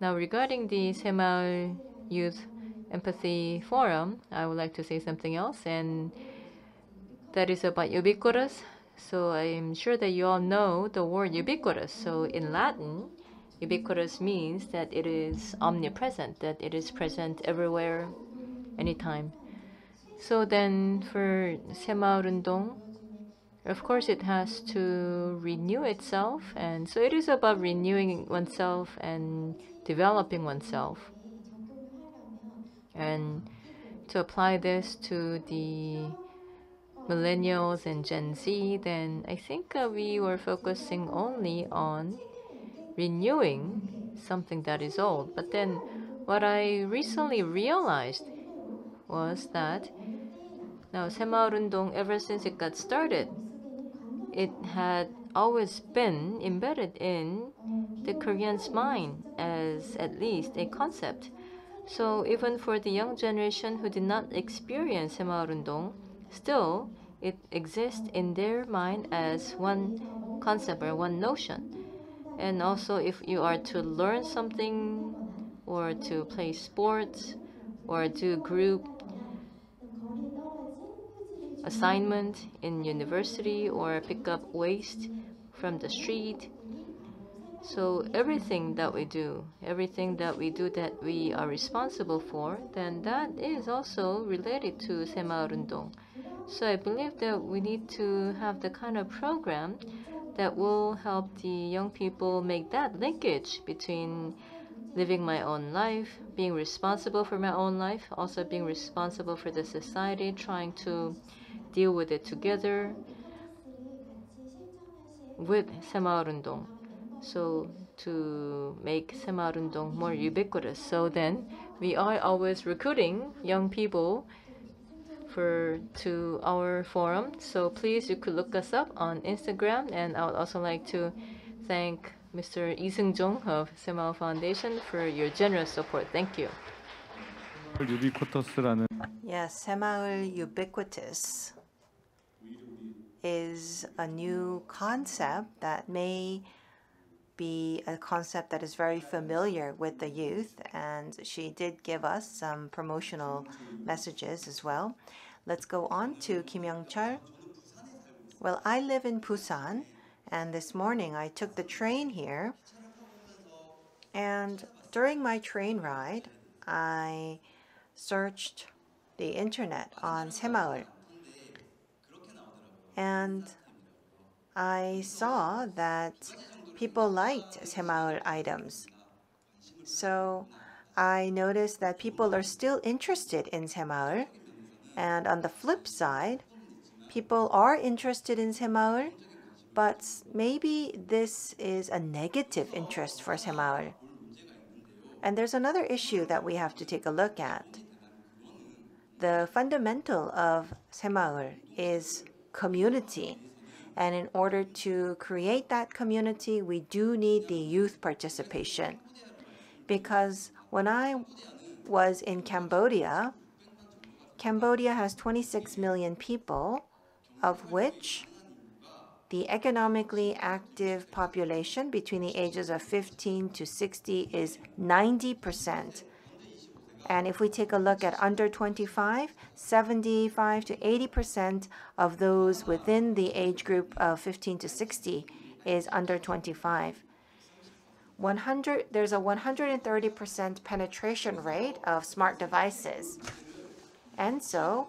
now regarding the Semal Youth Empathy Forum, I would like to say something else. And that is about ubiquitous so I'm sure that you all know the word ubiquitous. So in Latin, ubiquitous means that it is omnipresent, that it is present everywhere, anytime. So then for Rundong, of course it has to renew itself and so it is about renewing oneself and developing oneself. And to apply this to the millennials and Gen Z, then I think uh, we were focusing only on renewing something that is old. But then what I recently realized was that now Rundong, ever since it got started, it had always been embedded in the Korean's mind as at least a concept. So even for the young generation who did not experience Rundong. Still, it exists in their mind as one concept or one notion. And also, if you are to learn something or to play sports or do group assignment in university or pick up waste from the street so everything that we do, everything that we do that we are responsible for, then that is also related to Semaurundong. So I believe that we need to have the kind of program that will help the young people make that linkage between living my own life, being responsible for my own life, also being responsible for the society, trying to deal with it together with Semaurundong so to make Semarundong more ubiquitous. So then we are always recruiting young people for to our forum. So please, you could look us up on Instagram. And I would also like to thank Mr. Lee Seung Jong of Semal Foundation for your generous support. Thank you. Yes, Semaul Ubiquitous is a new concept that may be a concept that is very familiar with the youth, and she did give us some promotional messages as well. Let's go on to Kim Young-chul. Well, I live in Busan, and this morning I took the train here, and during my train ride, I searched the internet on Semaul, and I saw that people liked Semaul items. So I noticed that people are still interested in Semaul. And on the flip side, people are interested in Semaul, but maybe this is a negative interest for Semaul. And there's another issue that we have to take a look at. The fundamental of Semaul is community. And in order to create that community, we do need the youth participation. Because when I was in Cambodia, Cambodia has 26 million people, of which the economically active population between the ages of 15 to 60 is 90 percent. And if we take a look at under 25, 75 to 80% of those within the age group of 15 to 60 is under 25. 100, there's a 130% penetration rate of smart devices. And so,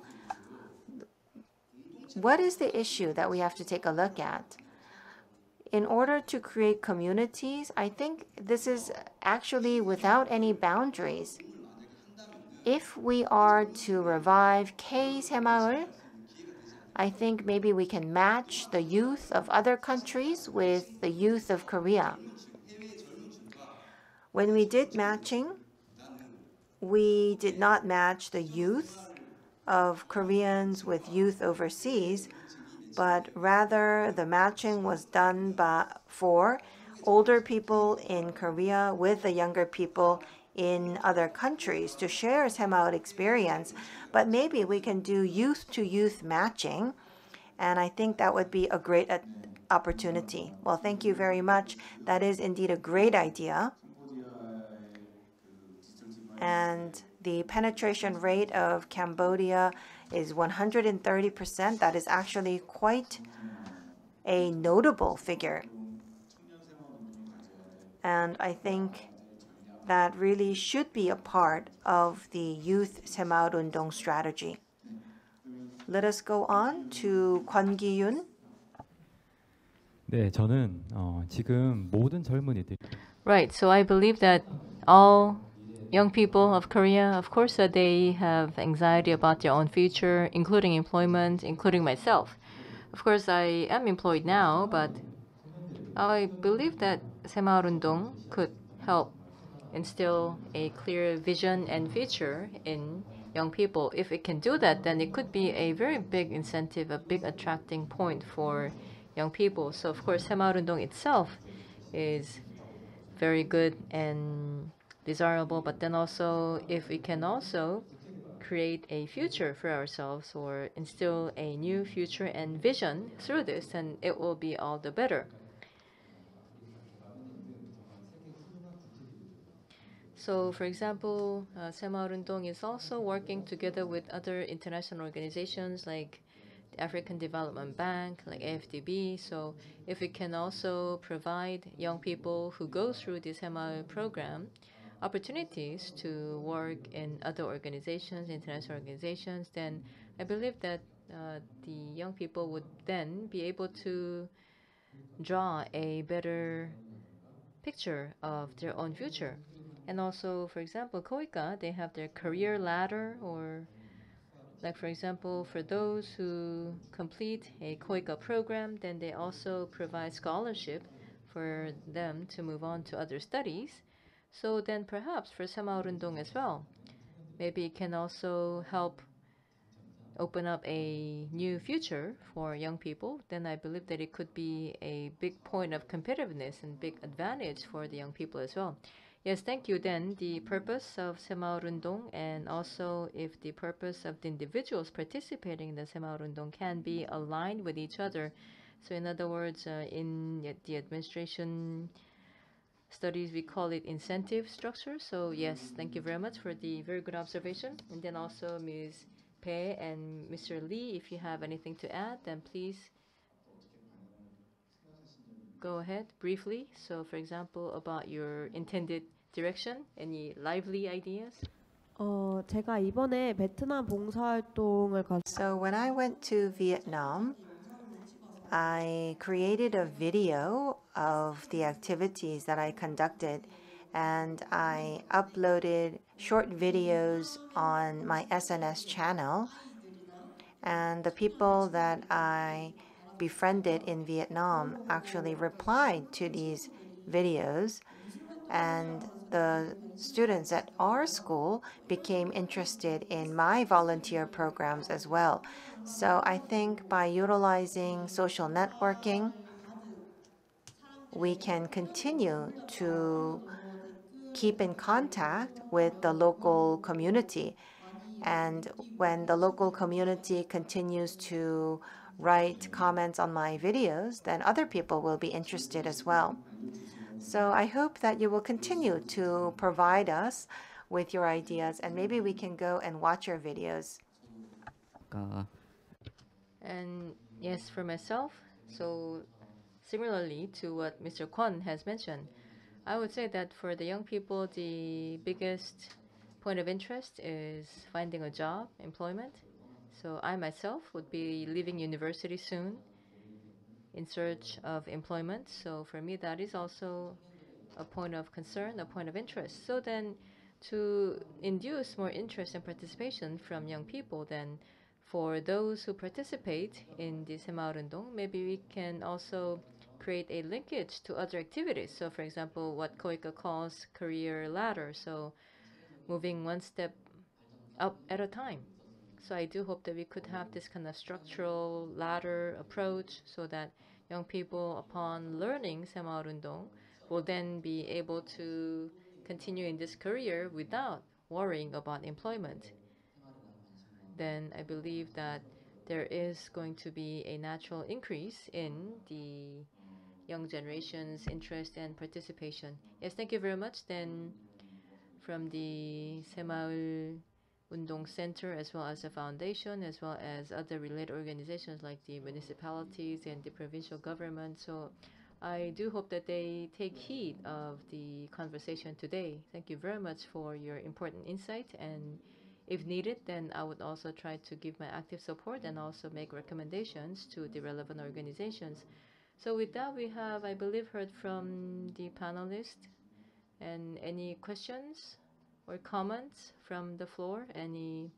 what is the issue that we have to take a look at? in order to create communities, I think this is actually without any boundaries if we are to revive K Semaul, I think maybe we can match the youth of other countries with the youth of Korea. When we did matching, we did not match the youth of Koreans with youth overseas, but rather the matching was done by, for older people in Korea with the younger people in other countries to share Semaut experience, but maybe we can do youth to youth matching. And I think that would be a great opportunity. Well, thank you very much. That is indeed a great idea. And the penetration rate of Cambodia is 130%. That is actually quite a notable figure. And I think that really should be a part of the youth Semaul Undong strategy. Let us go on to 권 네, 저는 어, 지금 모든 젊은이들. Right. So I believe that all young people of Korea, of course, they have anxiety about their own future, including employment, including myself. Of course, I am employed now, but I believe that Semaul Undong could help instill a clear vision and future in young people. If it can do that, then it could be a very big incentive, a big attracting point for young people. So of course, Semarundong itself is very good and desirable, but then also if we can also create a future for ourselves or instill a new future and vision through this, then it will be all the better. So, for example, uh, Rundong is also working together with other international organizations like the African Development Bank, like AFDB. So, if we can also provide young people who go through this Semaur program opportunities to work in other organizations, international organizations, then I believe that uh, the young people would then be able to draw a better picture of their own future. And also, for example, Koika, they have their career ladder or like for example, for those who complete a Koika program, then they also provide scholarship for them to move on to other studies. So then perhaps for Sama Rundong as well, maybe it can also help open up a new future for young people, then I believe that it could be a big point of competitiveness and big advantage for the young people as well. Yes, thank you. Then the purpose of Semaorundong and also if the purpose of the individuals participating in the Semaorundong can be aligned with each other. So in other words, uh, in the administration studies, we call it incentive structure. So yes, thank you very much for the very good observation. And then also Ms. Pei and Mr. Lee, if you have anything to add, then please go ahead briefly. So for example, about your intended direction? Any lively ideas? 어, 제가 이번에 베트남 봉사활동을 So when I went to Vietnam, I created a video of the activities that I conducted and I uploaded short videos on my SNS channel. And the people that I befriended in Vietnam actually replied to these videos and the students at our school became interested in my volunteer programs as well. So I think by utilizing social networking, we can continue to keep in contact with the local community. And when the local community continues to write comments on my videos, then other people will be interested as well. So I hope that you will continue to provide us with your ideas and maybe we can go and watch your videos. Uh. And yes, for myself, so similarly to what Mr. Kwon has mentioned, I would say that for the young people, the biggest point of interest is finding a job, employment. So I myself would be leaving university soon in search of employment. So for me, that is also a point of concern, a point of interest. So then to induce more interest and participation from young people, then for those who participate in the Semaurundong, maybe we can also create a linkage to other activities. So for example, what Koika calls career ladder. So moving one step up at a time. So I do hope that we could have this kind of structural ladder approach so that young people, upon learning Semaul Rundong will then be able to continue in this career without worrying about employment. Then I believe that there is going to be a natural increase in the young generation's interest and participation. Yes, thank you very much. Then from the Semaul Undong Center as well as the foundation as well as other related organizations like the municipalities and the provincial government. So I do hope that they take heed of the conversation today. Thank you very much for your important insight and if needed, then I would also try to give my active support and also make recommendations to the relevant organizations. So with that, we have, I believe, heard from the panelists. And any questions? or comments from the floor? Any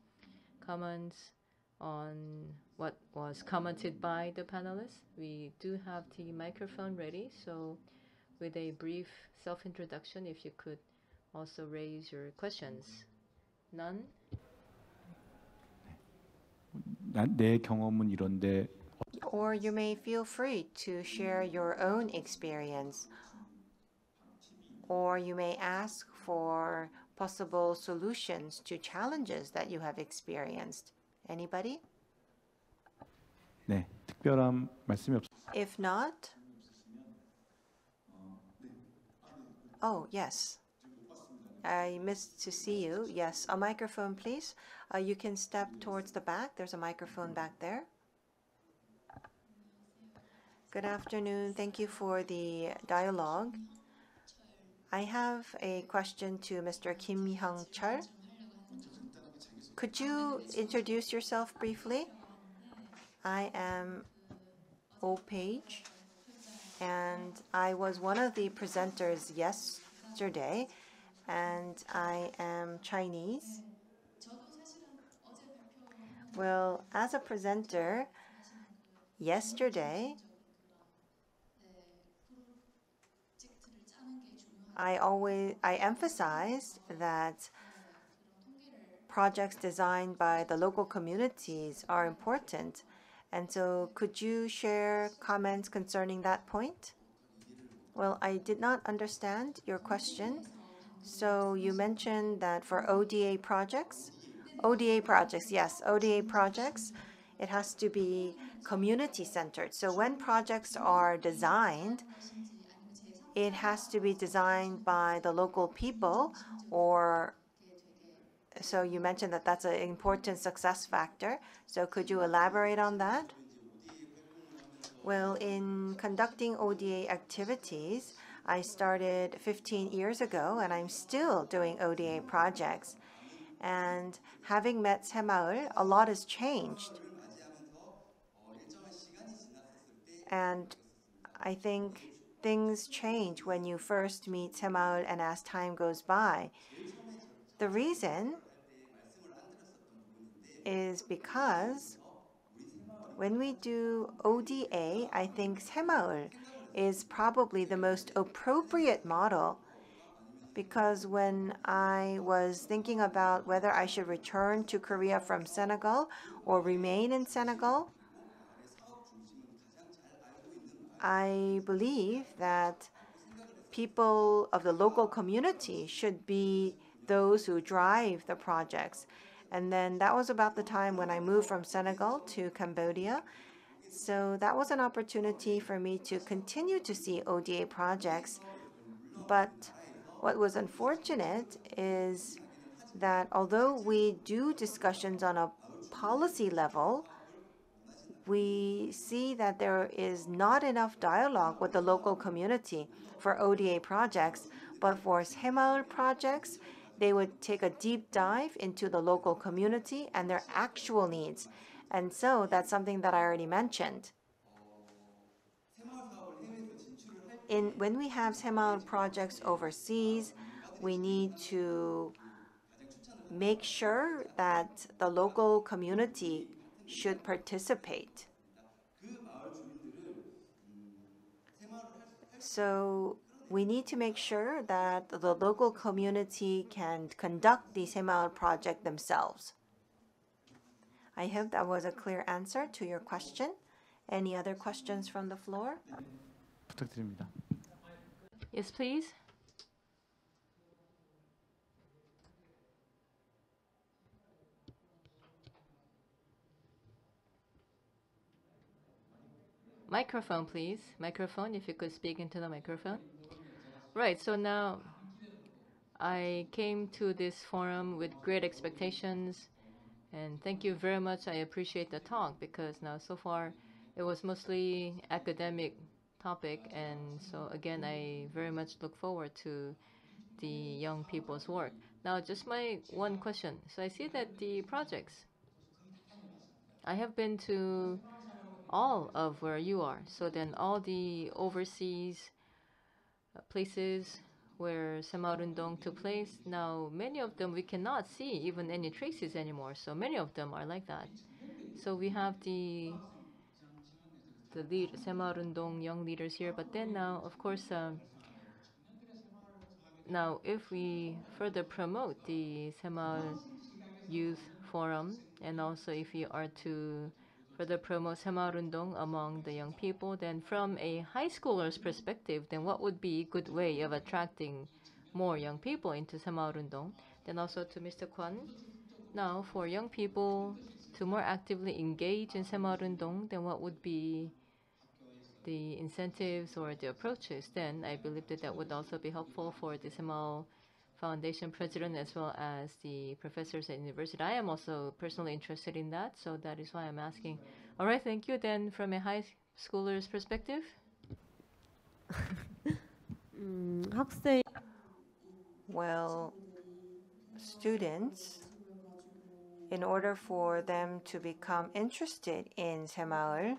comments on what was commented by the panelists? We do have the microphone ready, so with a brief self-introduction, if you could also raise your questions. None? 내 경험은 이런데 Or you may feel free to share your own experience. Or you may ask for possible solutions to challenges that you have experienced. Anybody? 네, 특별한 말씀이 없. If not. Oh, yes. I missed to see you. Yes, a microphone, please. Uh, you can step towards the back. There's a microphone back there. Good afternoon. Thank you for the dialogue. I have a question to Mr. Kim Hyung-chul. Could you introduce yourself briefly? I am O Page, and I was one of the presenters yesterday, and I am Chinese. Well, as a presenter, yesterday I always I emphasize that projects designed by the local communities are important. And so could you share comments concerning that point? Well, I did not understand your question. So you mentioned that for ODA projects, ODA projects, yes, ODA projects, it has to be community centered. So when projects are designed, it has to be designed by the local people or so you mentioned that that's an important success factor. So could you elaborate on that? Well, in conducting ODA activities, I started 15 years ago, and I'm still doing ODA projects. And having met Semaul, a lot has changed. And I think things change when you first meet Samuel, and as time goes by? The reason is because when we do ODA, I think Samuel is probably the most appropriate model because when I was thinking about whether I should return to Korea from Senegal or remain in Senegal, I believe that people of the local community should be those who drive the projects. And then that was about the time when I moved from Senegal to Cambodia. So that was an opportunity for me to continue to see ODA projects. But what was unfortunate is that although we do discussions on a policy level, we see that there is not enough dialogue with the local community for ODA projects, but for SEMAR projects, they would take a deep dive into the local community and their actual needs. And so that's something that I already mentioned. In, when we have SEMAR projects overseas, we need to make sure that the local community should participate. So we need to make sure that the local community can conduct the Semaul project themselves. I hope that was a clear answer to your question. Any other questions from the floor? 부탁드립니다. Yes, please. Microphone, please. Microphone, if you could speak into the microphone. Right, so now I came to this forum with great expectations, and thank you very much. I appreciate the talk because now so far it was mostly academic topic, and so again, I very much look forward to the young people's work. Now, just my one question. So I see that the projects, I have been to all of where you are. So then all the overseas uh, places where Samarundong took place, now many of them we cannot see even any traces anymore. So many of them are like that. So we have the the lead, Semarundong young leaders here. But then now, of course, um, now if we further promote the Semar Youth Forum, and also if we are to for the promo Semarundong among the young people, then from a high schooler's perspective, then what would be a good way of attracting more young people into Semarundong? Then also to Mr. Kwan, now for young people to more actively engage in Semarundong, then what would be the incentives or the approaches, then I believe that that would also be helpful for the small. Foundation president as well as the professors at university. I am also personally interested in that, so that is why I'm asking. All right, thank you. Then from a high schooler's perspective. Mm, well, students, in order for them to become interested in Semaul,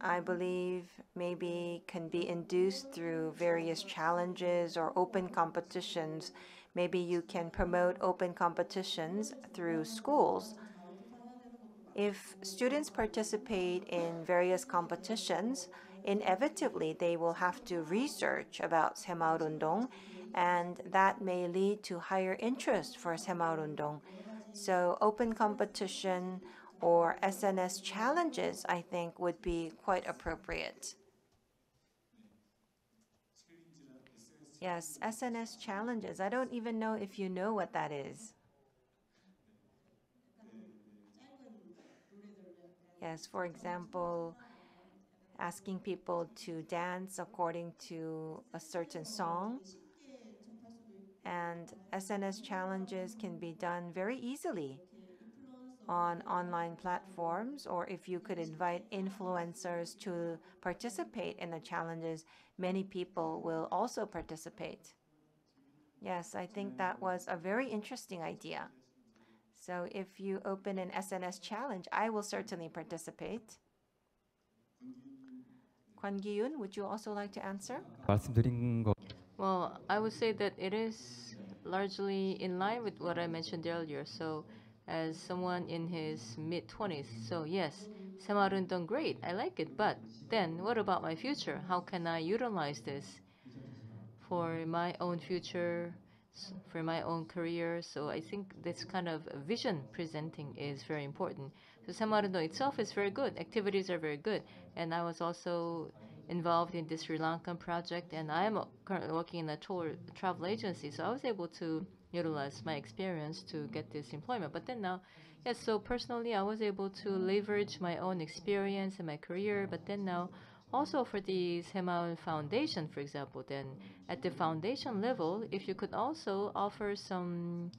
I believe, maybe can be induced through various challenges or open competitions. Maybe you can promote open competitions through schools. If students participate in various competitions, inevitably they will have to research about Semaurundong, and that may lead to higher interest for Semaurundong. So open competition or SNS challenges, I think, would be quite appropriate. Yes, SNS challenges. I don't even know if you know what that is. Yes, for example, asking people to dance according to a certain song. And SNS challenges can be done very easily on online platforms, or if you could invite influencers to participate in the challenges, many people will also participate. Yes, I think that was a very interesting idea. So if you open an SNS challenge, I will certainly participate. Kwan Gi-yoon, would you also like to answer? Well, I would say that it is largely in line with what I mentioned earlier. So as someone in his mid-20s. So yes, Semarun done great. I like it. But then what about my future? How can I utilize this for my own future, for my own career? So I think this kind of vision presenting is very important. So Samarundo itself is very good. Activities are very good. And I was also involved in this Sri Lankan project and I am currently working in a tour travel agency. So I was able to utilize my experience to get this employment. But then now, yes, so personally, I was able to leverage my own experience and my career. But then now, also for the Semaun Foundation, for example, then at the foundation level, if you could also offer some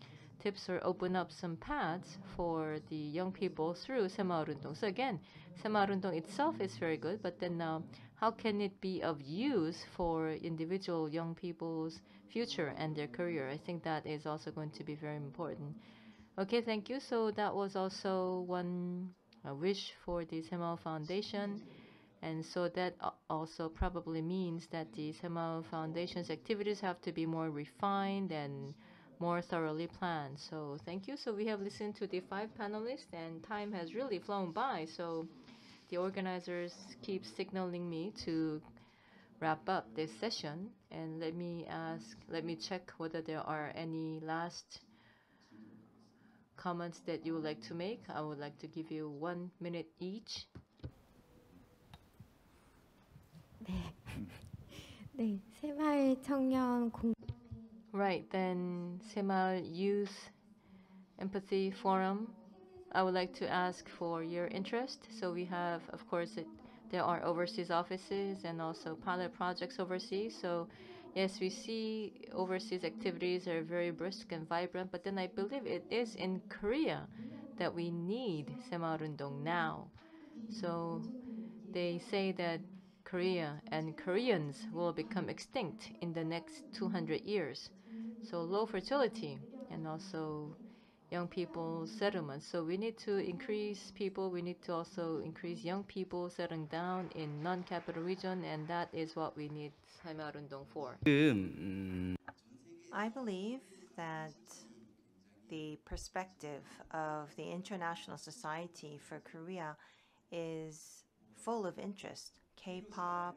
tips or open up some paths for the young people through Semaun Untung. So again, Semaun Untung itself is very good, but then now how can it be of use for individual young people's future and their career? I think that is also going to be very important. Okay, thank you. So that was also one wish for the Semal Foundation. And so that also probably means that the Semal Foundation's activities have to be more refined and more thoroughly planned. So thank you. So we have listened to the five panelists and time has really flown by. So the organizers keep signaling me to wrap up this session and let me ask let me check whether there are any last comments that you would like to make I would like to give you one minute each 네. 네, 청년 공 Right, then Semal Youth Empathy Forum I would like to ask for your interest. So we have, of course, it, there are overseas offices and also pilot projects overseas. So yes, we see overseas activities are very brisk and vibrant, but then I believe it is in Korea that we need Semarundong now. So they say that Korea and Koreans will become extinct in the next 200 years. So low fertility and also young people settlements. So we need to increase people. We need to also increase young people settling down in non-capital region, and that is what we need Haimarundong for. I believe that the perspective of the international society for Korea is full of interest. K-pop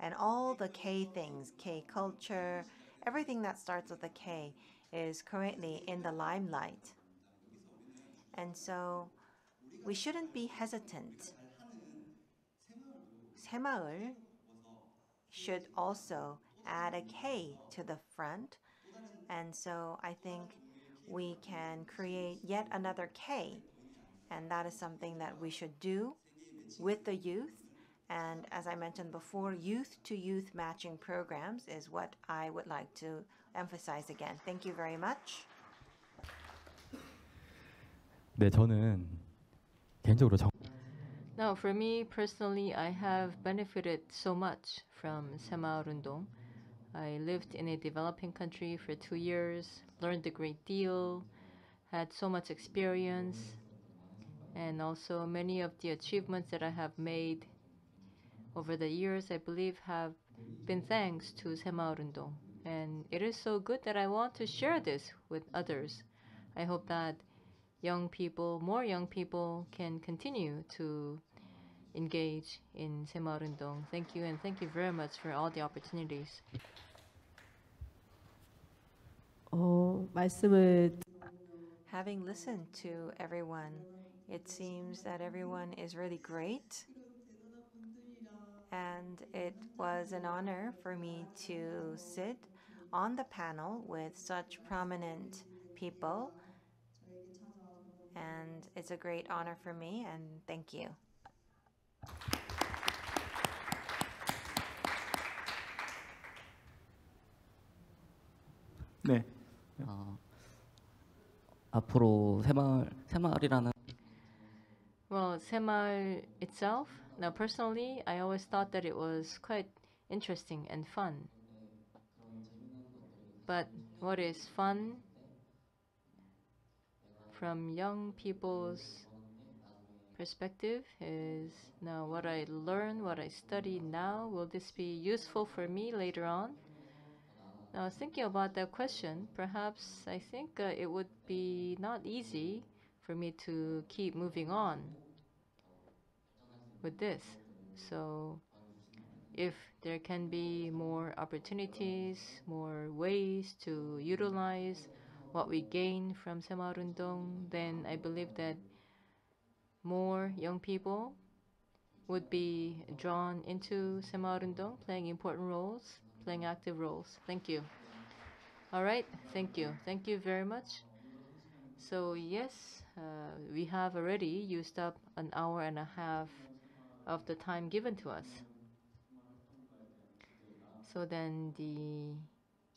and all the K things, K culture, everything that starts with a K is currently in the limelight. And so we shouldn't be hesitant. 새마을 should also add a K to the front. And so I think we can create yet another K. And that is something that we should do with the youth. And as I mentioned before, youth to youth matching programs is what I would like to emphasize again. Thank you very much. 네, 저는 개인적으로 정... Now, for me personally, I have benefited so much from Sema Rundong. I lived in a developing country for two years, learned a great deal, had so much experience, and also many of the achievements that I have made over the years, I believe, have been thanks to Sema Rundong. And it is so good that I want to share this with others. I hope that young people, more young people can continue to engage in Semarundong. Thank you and thank you very much for all the opportunities. 어, 말씀을 Having listened to everyone, it seems that everyone is really great. And it was an honor for me to sit on the panel with such prominent people and it's a great honor for me, and thank you. 네. 어, 앞으로 Well, Semail itself, now personally, I always thought that it was quite interesting and fun. But what is fun from young people's perspective is now what I learn, what I study now, will this be useful for me later on? Now, I was thinking about that question. Perhaps I think uh, it would be not easy for me to keep moving on with this. So, if there can be more opportunities, more ways to utilize what we gain from Semarundong, then I believe that more young people would be drawn into Semarundong, playing important roles, playing active roles. Thank you. All right, thank you. Thank you very much. So yes, uh, we have already used up an hour and a half of the time given to us. So then the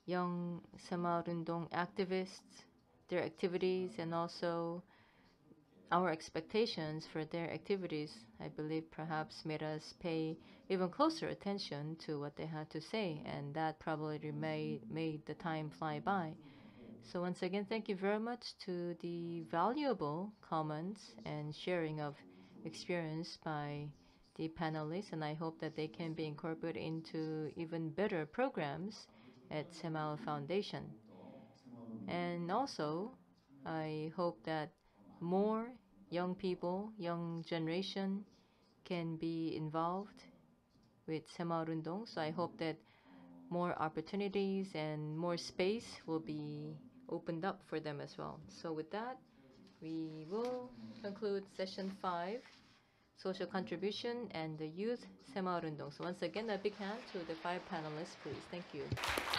young Samarundong activists, their activities, and also our expectations for their activities, I believe, perhaps made us pay even closer attention to what they had to say, and that probably made, made the time fly by. So once again, thank you very much to the valuable comments and sharing of experience by the panelists, and I hope that they can be incorporated into even better programs at Semal Foundation. And also, I hope that more young people, young generation can be involved with Semal Rundong. So I hope that more opportunities and more space will be opened up for them as well. So with that, we will conclude session five, social contribution and the youth Semal Rundong. So once again, a big hand to the five panelists, please. Thank you.